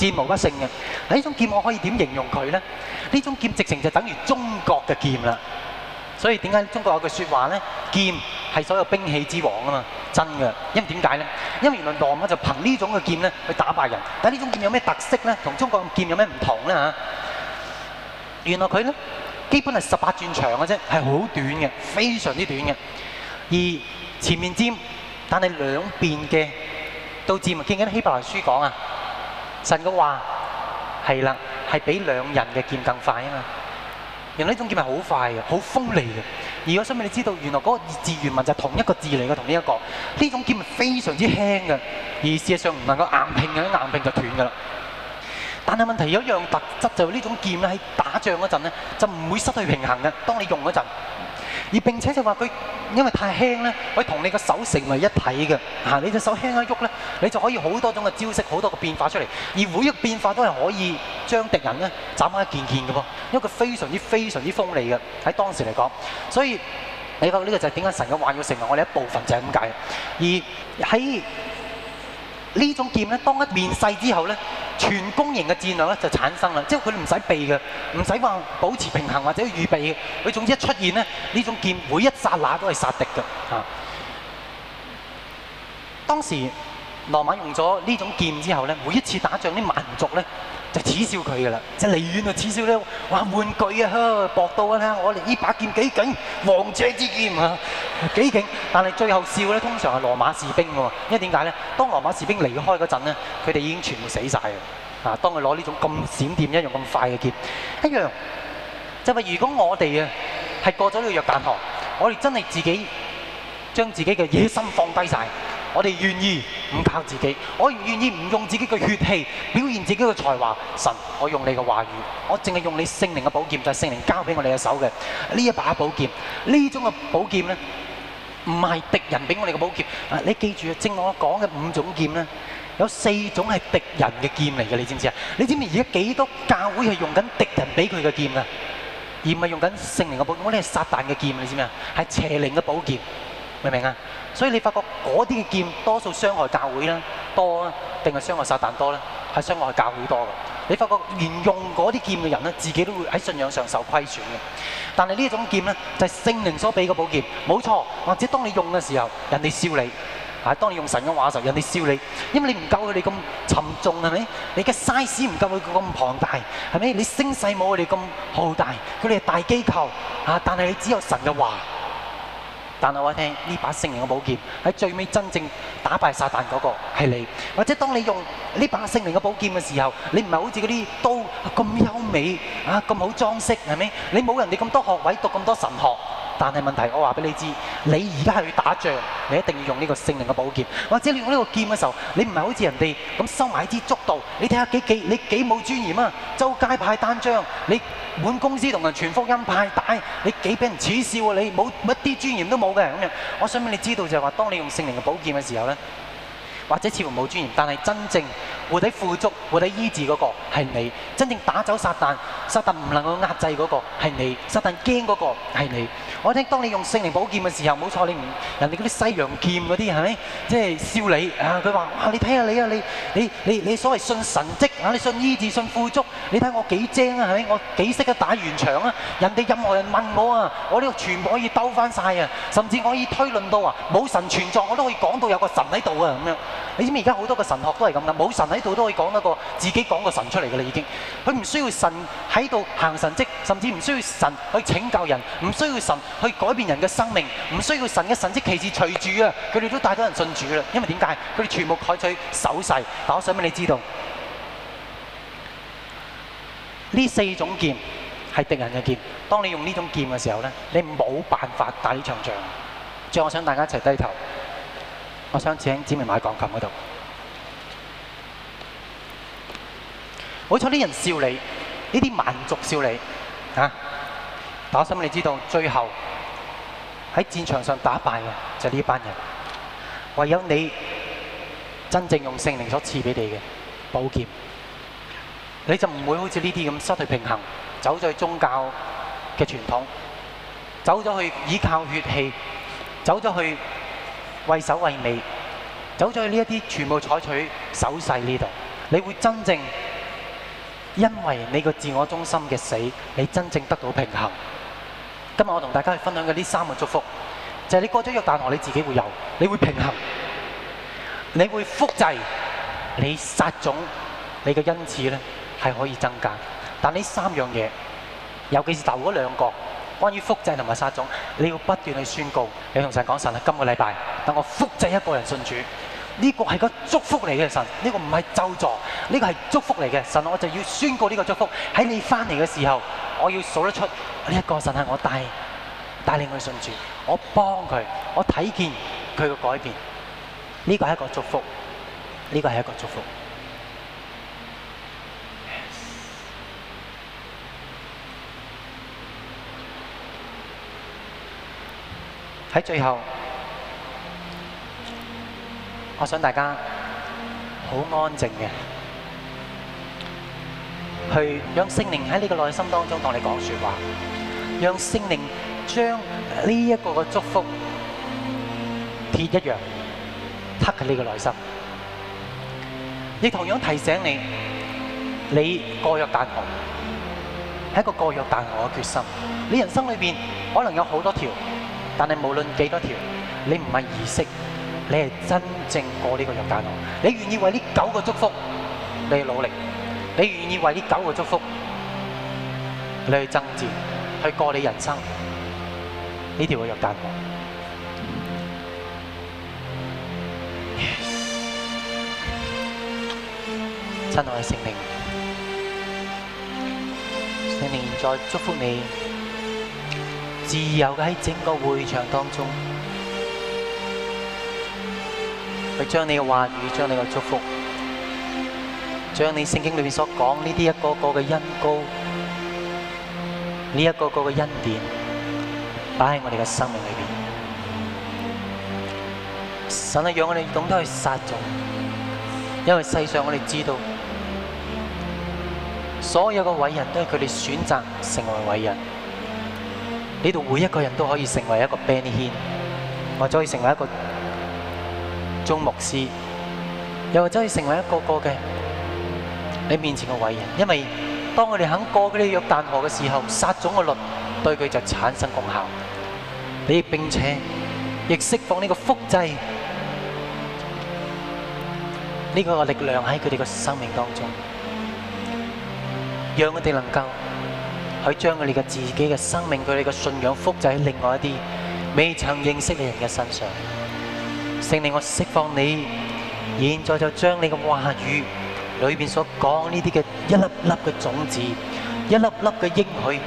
戰無不勝嘅，呢種劍我可以點形容佢咧？呢種劍直情就等於中國嘅劍啦。所以點解中國有句說話咧？劍係所有兵器之王啊嘛，真嘅。因為點解咧？因為原來羅馬就憑呢種嘅劍咧去打敗人。但係呢種劍有咩特色咧？同中國嘅劍有咩唔同咧？吓，原來佢咧基本係十八寸長嘅啫，係好短嘅，非常之短嘅。而前面尖，但係兩邊嘅到劍，唔係驚緊希伯來書講啊。神嘅話係啦，係比兩刃嘅劍更快啊嘛！原來呢種劍係好快嘅，好鋒利嘅。而如果想俾你知道，原來嗰個字原文就係同一個字嚟嘅，同呢一個呢種劍係非常之輕嘅，而事實上唔能夠硬拼嘅，硬拼就斷㗎啦。但係問題是有一樣特質，就係呢種劍咧，喺打仗嗰陣咧，就唔會失去平衡嘅，當你用嗰陣。而並且就話佢因為太輕咧，可以同你個手成為一體嘅嚇、啊，你隻手輕一喐咧，你就可以好多種嘅招式，好多嘅變化出嚟。而每一個變化都係可以將敵人咧斬翻一件件嘅噃，因為佢非常之非常之鋒利嘅喺當時嚟講。所以你發覺呢個就係點解神嘅話要成為我哋一部分就係咁解。而喺呢種劍咧，當一面世之後呢，全攻型嘅戰略咧就產生啦。即係佢唔使避嘅，唔使話保持平衡或者預備嘅。佢總之一出現咧，呢種劍每一剎那都係殺敵嘅。啊！當時羅馬用咗呢種劍之後呢，每一次打仗啲蠻族呢，就恥笑佢噶啦，即係離遠就恥笑咧，哇玩具啊呵，搏到啦！我哋呢把劍幾勁，王者之劍啊，幾勁！但係最後笑咧，通常係羅馬士兵喎，因為點解咧？當羅馬士兵離開嗰陣咧，佢哋已經全部死晒啊！當佢攞呢種咁閃電一樣咁快嘅劍，一樣就係如果我哋啊係過咗呢個約旦河，我哋真係自己將自己嘅野心放低晒。我哋願意唔靠自己，我願意唔用自己嘅血氣表現自己嘅才華。神，我用你嘅話語，我淨係用你聖靈嘅寶劍就係聖靈交俾我哋嘅手嘅呢一把寶劍，呢種嘅寶劍呢，唔係敵人俾我哋嘅寶劍。你記住啊，正我講嘅五種劍呢，有四種係敵人嘅劍嚟嘅，你知唔知啊？你知唔知而家幾多教會係用緊敵人俾佢嘅劍啊？而唔係用緊聖靈嘅寶劍。我哋係撒旦嘅劍，你知唔知啊？係邪靈嘅寶劍，明唔明啊？所以你發覺嗰啲嘅劍多數傷害教會啦，多，定係傷害撒旦多咧？係傷害教會多㗎。你發覺連用嗰啲劍嘅人咧，自己都會喺信仰上受虧損嘅。但係呢一種劍咧，就係、是、聖靈所俾嘅寶劍，冇錯。或者當你用嘅時候，人哋笑你。啊，當你用神嘅話嘅時候，人哋笑你，因為你唔夠佢哋咁沉重係咪？你嘅 size 唔夠佢哋咁龐大係咪？你聲勢冇佢哋咁浩大，佢哋係大機構啊。但係你只有神嘅話。但係我話你聽呢把聖靈嘅寶劍，喺最尾真正打敗撒旦嗰個係你，或者當你用呢把聖靈嘅寶劍嘅時候，你唔係好似嗰啲刀咁優美啊，咁好裝飾係咪？你冇人哋咁多學位，讀那咁多神學。但係問題，我話俾你知，你而家係去打仗，你一定要用呢個聖靈嘅寶劍，或者你用呢個劍嘅時候，你唔係好似人哋咁收埋支竹刀，你睇下幾幾你幾冇尊嚴啊？周街派單張，你滿公司同人傳福音派帶，你幾俾人恥笑啊？你冇一啲尊嚴都冇嘅咁樣。我想俾你知道就係話，當你用聖靈嘅寶劍嘅時候咧。或者似乎冇尊嚴，但係真正活得富足、活得醫治嗰、那個係你，真正打走撒旦、撒旦唔能夠壓制嗰、那個係你，撒旦驚嗰、那個係你。我聽當你用聖靈寶劍嘅時候，冇錯，你唔人哋嗰啲西洋劍嗰啲係咪？即係笑你啊！佢話哇，你睇下你啊，你你你你，你所謂信神蹟啊，你信醫治、信富足，你睇我幾精啊，係咪？我幾識得打圓場啊！人哋任何人問我啊，我呢度全部可以兜翻晒啊，甚至我可以推論到啊，冇神存在，我都可以講到有個神喺度啊，咁樣。你知唔知而家好多嘅神學都係咁噶？冇神喺度都可以講得過自己講個神出嚟噶啦，已經。佢唔需要神喺度行神跡，甚至唔需要神去拯救人，唔需要神去改變人嘅生命，唔需要神嘅神跡奇事隨住啊，佢哋都帶到人信主啦。因為點解？佢哋全部採取手勢。但我想俾你知道，呢四種劍係敵人嘅劍。當你用呢種劍嘅時候咧，你冇辦法打呢場仗。最後我想大家一齊低頭。我想請姊妹買鋼琴嗰度。好彩，啲人笑你，呢啲民族笑你，啊！打心你知道，最後喺戰場上打敗嘅就呢班人，唯有你真正用聖靈所賜俾你嘅寶劍，你就唔會好似呢啲咁失去平衡，走咗去宗教嘅傳統，走咗去倚靠血氣，走咗去，畏首畏尾，走咗去呢一啲，全部採取守勢呢度。你會真正因為你個自我中心嘅死，你真正得到平衡。今日我同大家去分享嘅呢三個祝福，就係、是、你過咗約旦河你自己會有，你會平衡，你會複製，你殺種，你嘅恩賜咧係可以增加。但呢三樣嘢，尤其是就嗰兩個。關於福音同埋撒種，你要不斷去宣告。你同神講：神，今個禮拜，等我複製一個人信主。呢、這個係個祝福嚟嘅神，呢、這個唔係咒詛，呢、這個係祝福嚟嘅神。我就要宣告呢個祝福。喺你返嚟嘅時候，我要數得出呢一、這個神係我帶帶領你去信主，我幫佢，我睇見佢嘅改變。呢、這個係一個祝福，呢、這個係一個祝福。喺最後，我想大家好安靜嘅，去讓聖靈喺你個內心當中同你講説話，讓聖靈將呢一個祝福鐵一樣刻喺你個內心，亦同樣提醒你，你過約旦河係一個過約旦河嘅決心，你人生裏面可能有好多條。但係無論幾多條，你唔係儀式，你係真正過呢個約旦河。你願意為呢九個祝福，你去努力；你願意為呢九個祝福，你去爭戰，去過你人生。呢條嘅約旦河。Yes。親愛嘅聖靈，聖靈再祝福你。自由嘅喺整個會場當中，去將你嘅話語，將你嘅祝福，將你聖經裏面所講呢啲一個個嘅恩膏，呢一個個嘅恩典，擺喺我哋嘅生命裏面。神啊，讓我哋懂得去撒種，因為世上我哋知道，所有嘅偉人都係佢哋選擇成為偉人。呢度每一個人都可以成為一個 Benny Hinn，或者可以成為一個宗牧師，又或者可以成為一個個嘅你面前嘅偉人。因為當佢哋肯過嗰啲約旦河嘅時候，撒種嘅律對佢就產生功效，你並且亦釋放呢個複製呢個力量喺佢哋嘅生命當中，讓佢哋能夠，去將佢哋嘅自己嘅生命，佢哋嘅信仰複製喺另外一啲未曾認識嘅人嘅身上。聖靈，我釋放你，現在就將你嘅話語裏邊所講呢啲嘅一粒粒嘅種子，一粒粒嘅應許，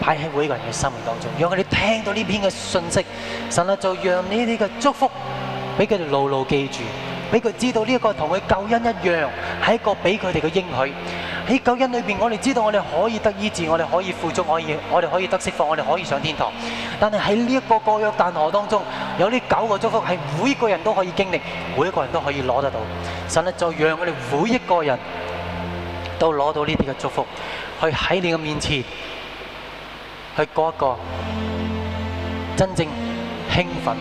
擺喺每一個人嘅生活當中，讓佢哋聽到呢篇嘅信息。神啊，就讓呢啲嘅祝福俾佢哋牢牢記住，俾佢知道呢一個同佢救恩一樣，係一個俾佢哋嘅應許。喺救恩裏邊，我哋知道我哋可以得醫治，我哋可以富足，可以我哋可以得釋放，我哋可以上天堂。但係喺呢一個過約旦河當中，有呢九個祝福係每一個人都可以經歷，每一個人都可以攞得到。神啊，就讓我哋每一個人都攞到呢啲嘅祝福，去喺你嘅面前，去過一個真正興奮、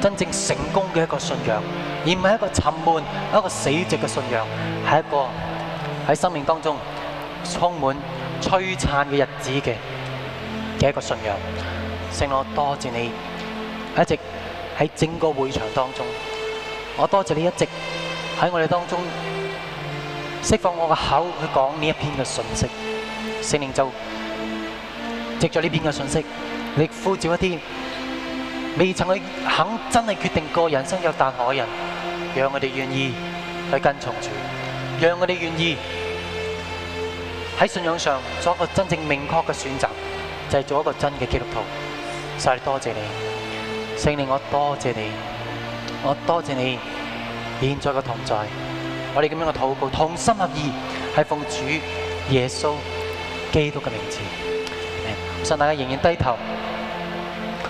真正成功嘅一個信仰，而唔係一個沉悶、一個死寂嘅信仰，係一個。喺生命當中充滿璀璨嘅日子嘅一個信仰，聖我多謝你一直喺整個會場當中，我多謝你一直喺我哋當中釋放我個口去講呢一篇嘅信息，聖靈就藉住呢篇嘅信息，力呼召一啲未曾去肯真係決定過人生有大我嘅人，讓我哋願意去跟從主，讓我哋願意，喺信仰上做一個真正明確嘅選擇，就係、是、做一個真嘅基督徒。所以多謝你，聖靈我多謝你，我多謝你現在嘅同在。我哋咁樣嘅禱告，同心合意，係奉主耶穌基督嘅名字。信大家仍然低頭。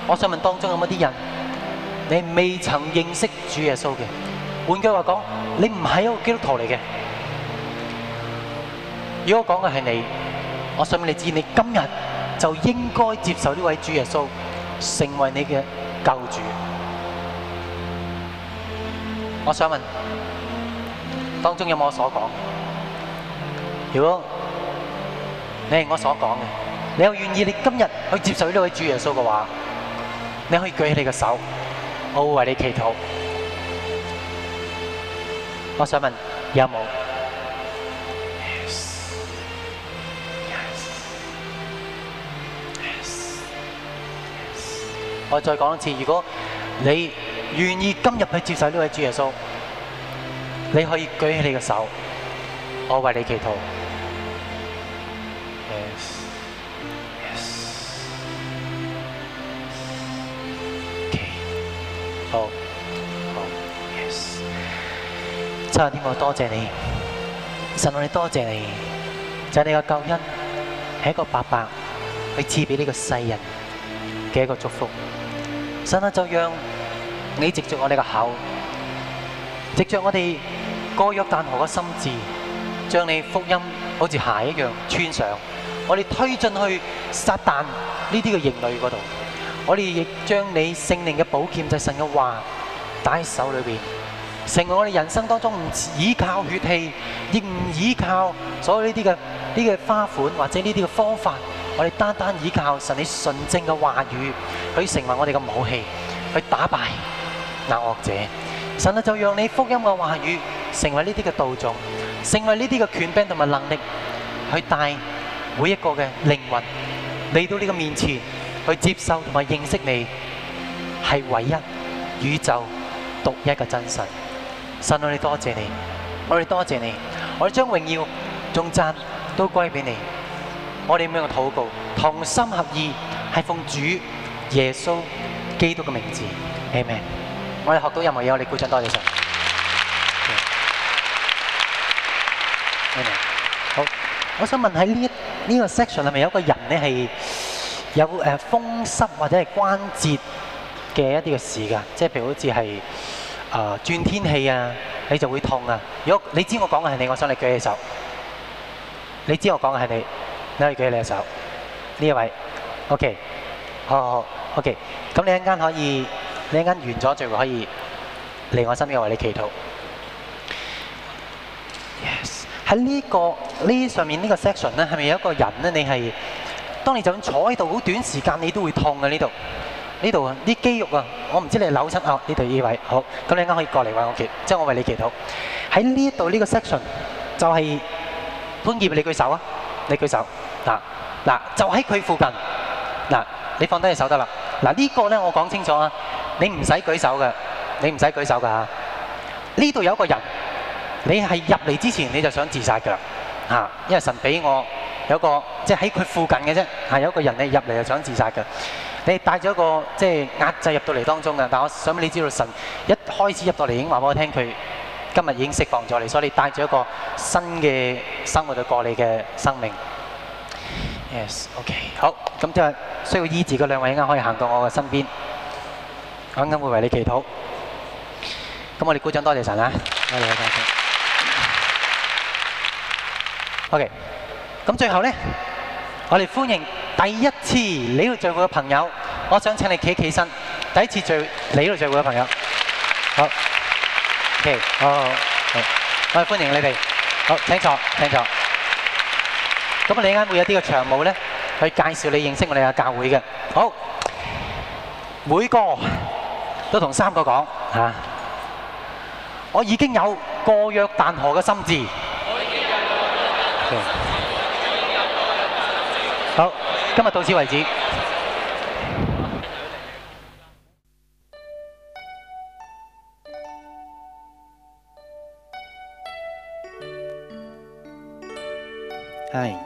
我想問當中有冇啲人，你未曾認識主耶穌嘅？換句話講，你唔係一個基督徒嚟嘅。如果講嘅係你，我想你今日就應該接受呢位主耶穌成為你嘅救主。我想問，當中有冇我所講嘅？如果你係我所講嘅，你又願意你今日去接受呢位主耶穌嘅話，你可以舉起你嘅手，我會為你祈禱。我想問，有冇？我再講一次，如果你願意今日去接受呢位主耶穌，你可以舉起你嘅手，我為你祈禱。Yes，yes，OK，好，好，Yes。真係天國我多謝你，神我哋多謝你，就係你嘅救恩係一個白白去賜俾呢個世人嘅一個祝福。神啊，就讓你藉著我哋嘅口，藉著我哋過約旦河嘅心志，將你福音好似鞋一樣穿上，我哋推進去撒但呢啲嘅營壘嗰度，我哋亦將你聖靈嘅寶劍，就係神嘅話，打喺手裏邊，成為我哋人生當中唔倚靠血氣，亦唔倚靠所有呢啲嘅呢嘅花款或者呢啲嘅方法。我哋單單依靠神你純正嘅話語，去成為我哋嘅武器，去打敗那惡者。神就讓你福音嘅話語成為呢啲嘅道種，成為呢啲嘅權柄同埋能力，去帶每一個嘅靈魂嚟到呢個面前，去接受同埋認識你，係唯一宇宙獨一嘅真神。神我哋多謝你，我哋多謝你，我哋將榮耀、頌讚都歸畀你。我哋每樣嘅禱告，同心合意，係奉主耶穌基督嘅名字，Amen。我哋學到任何嘢，我哋鼓掌多謝神。Amen。好，我想問喺呢呢個 section 係咪有一個人咧？係有誒風濕或者係關節嘅一啲嘅事噶？即係譬如好似係啊轉天氣啊，你就會痛啊。如果你知我講嘅係你，我想你舉手。你知我講嘅係你。你可以舉起你嘅手，呢一位，OK，好好，OK，咁你一陣間可以，你一間完咗最後可以嚟我身邊為你祈禱。Yes，喺呢個呢上面呢個 section 咧，係咪有一個人咧？你係當你就咁坐喺度，好短時間你都會痛啊，呢度，呢度啊啲肌肉啊，我唔知你扭親啊，呢度呢位，好，咁你一間可以過嚟為我祈，即係我為你祈禱。喺呢度呢個 section 就係潘葉，你舉手啊！你舉手。嗱嗱、啊啊、就喺佢附近，嗱你放低隻手得啦。嗱呢個咧我講清楚啊，你唔使、啊這個、舉手嘅，你唔使舉手噶。呢、啊、度有一個人，你係入嚟之前你就想自殺嘅，嚇、啊！因為神俾我有個即係喺佢附近嘅啫，係、啊、有一個人你入嚟就想自殺嘅。你帶咗一個即係壓制入到嚟當中嘅，但我想俾你知道，神一開始入到嚟已經話俾我聽，佢今日已經釋放咗你，所以你帶咗一個新嘅生活度過你嘅生命。Yes，OK，好，咁即係需要醫治嗰兩位，應該可以行到我嘅身邊，我啱啱會為你祈禱。咁我哋鼓掌，多謝神啊！多謝，多謝。OK，咁最後呢，我哋歡迎第一次呢度聚會嘅朋友，我想請你企起身，第一次聚呢度聚會嘅朋友。好，OK，好，我哋歡迎你哋。好，請坐，請坐。咁你陣間會有啲個場務咧，去介紹你認識我哋嘅教會嘅。好，每個都同三個講吓。我已經有過約旦河嘅心志。好，今日到此為止。係。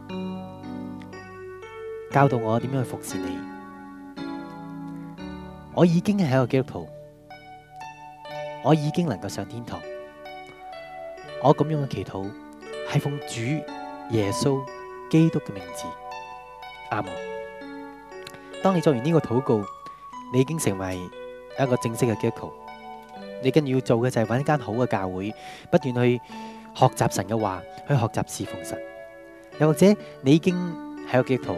教導我點樣去服侍你，我已經係一個基督徒，我已經能夠上天堂。我咁樣嘅祈禱係奉主耶穌基督嘅名字，阿門。當你做完呢個禱告，你已經成為一個正式嘅基督徒。你跟住要做嘅就係揾一間好嘅教會，不斷去學習神嘅話，去學習侍奉神。又或者你已經係一個基督徒。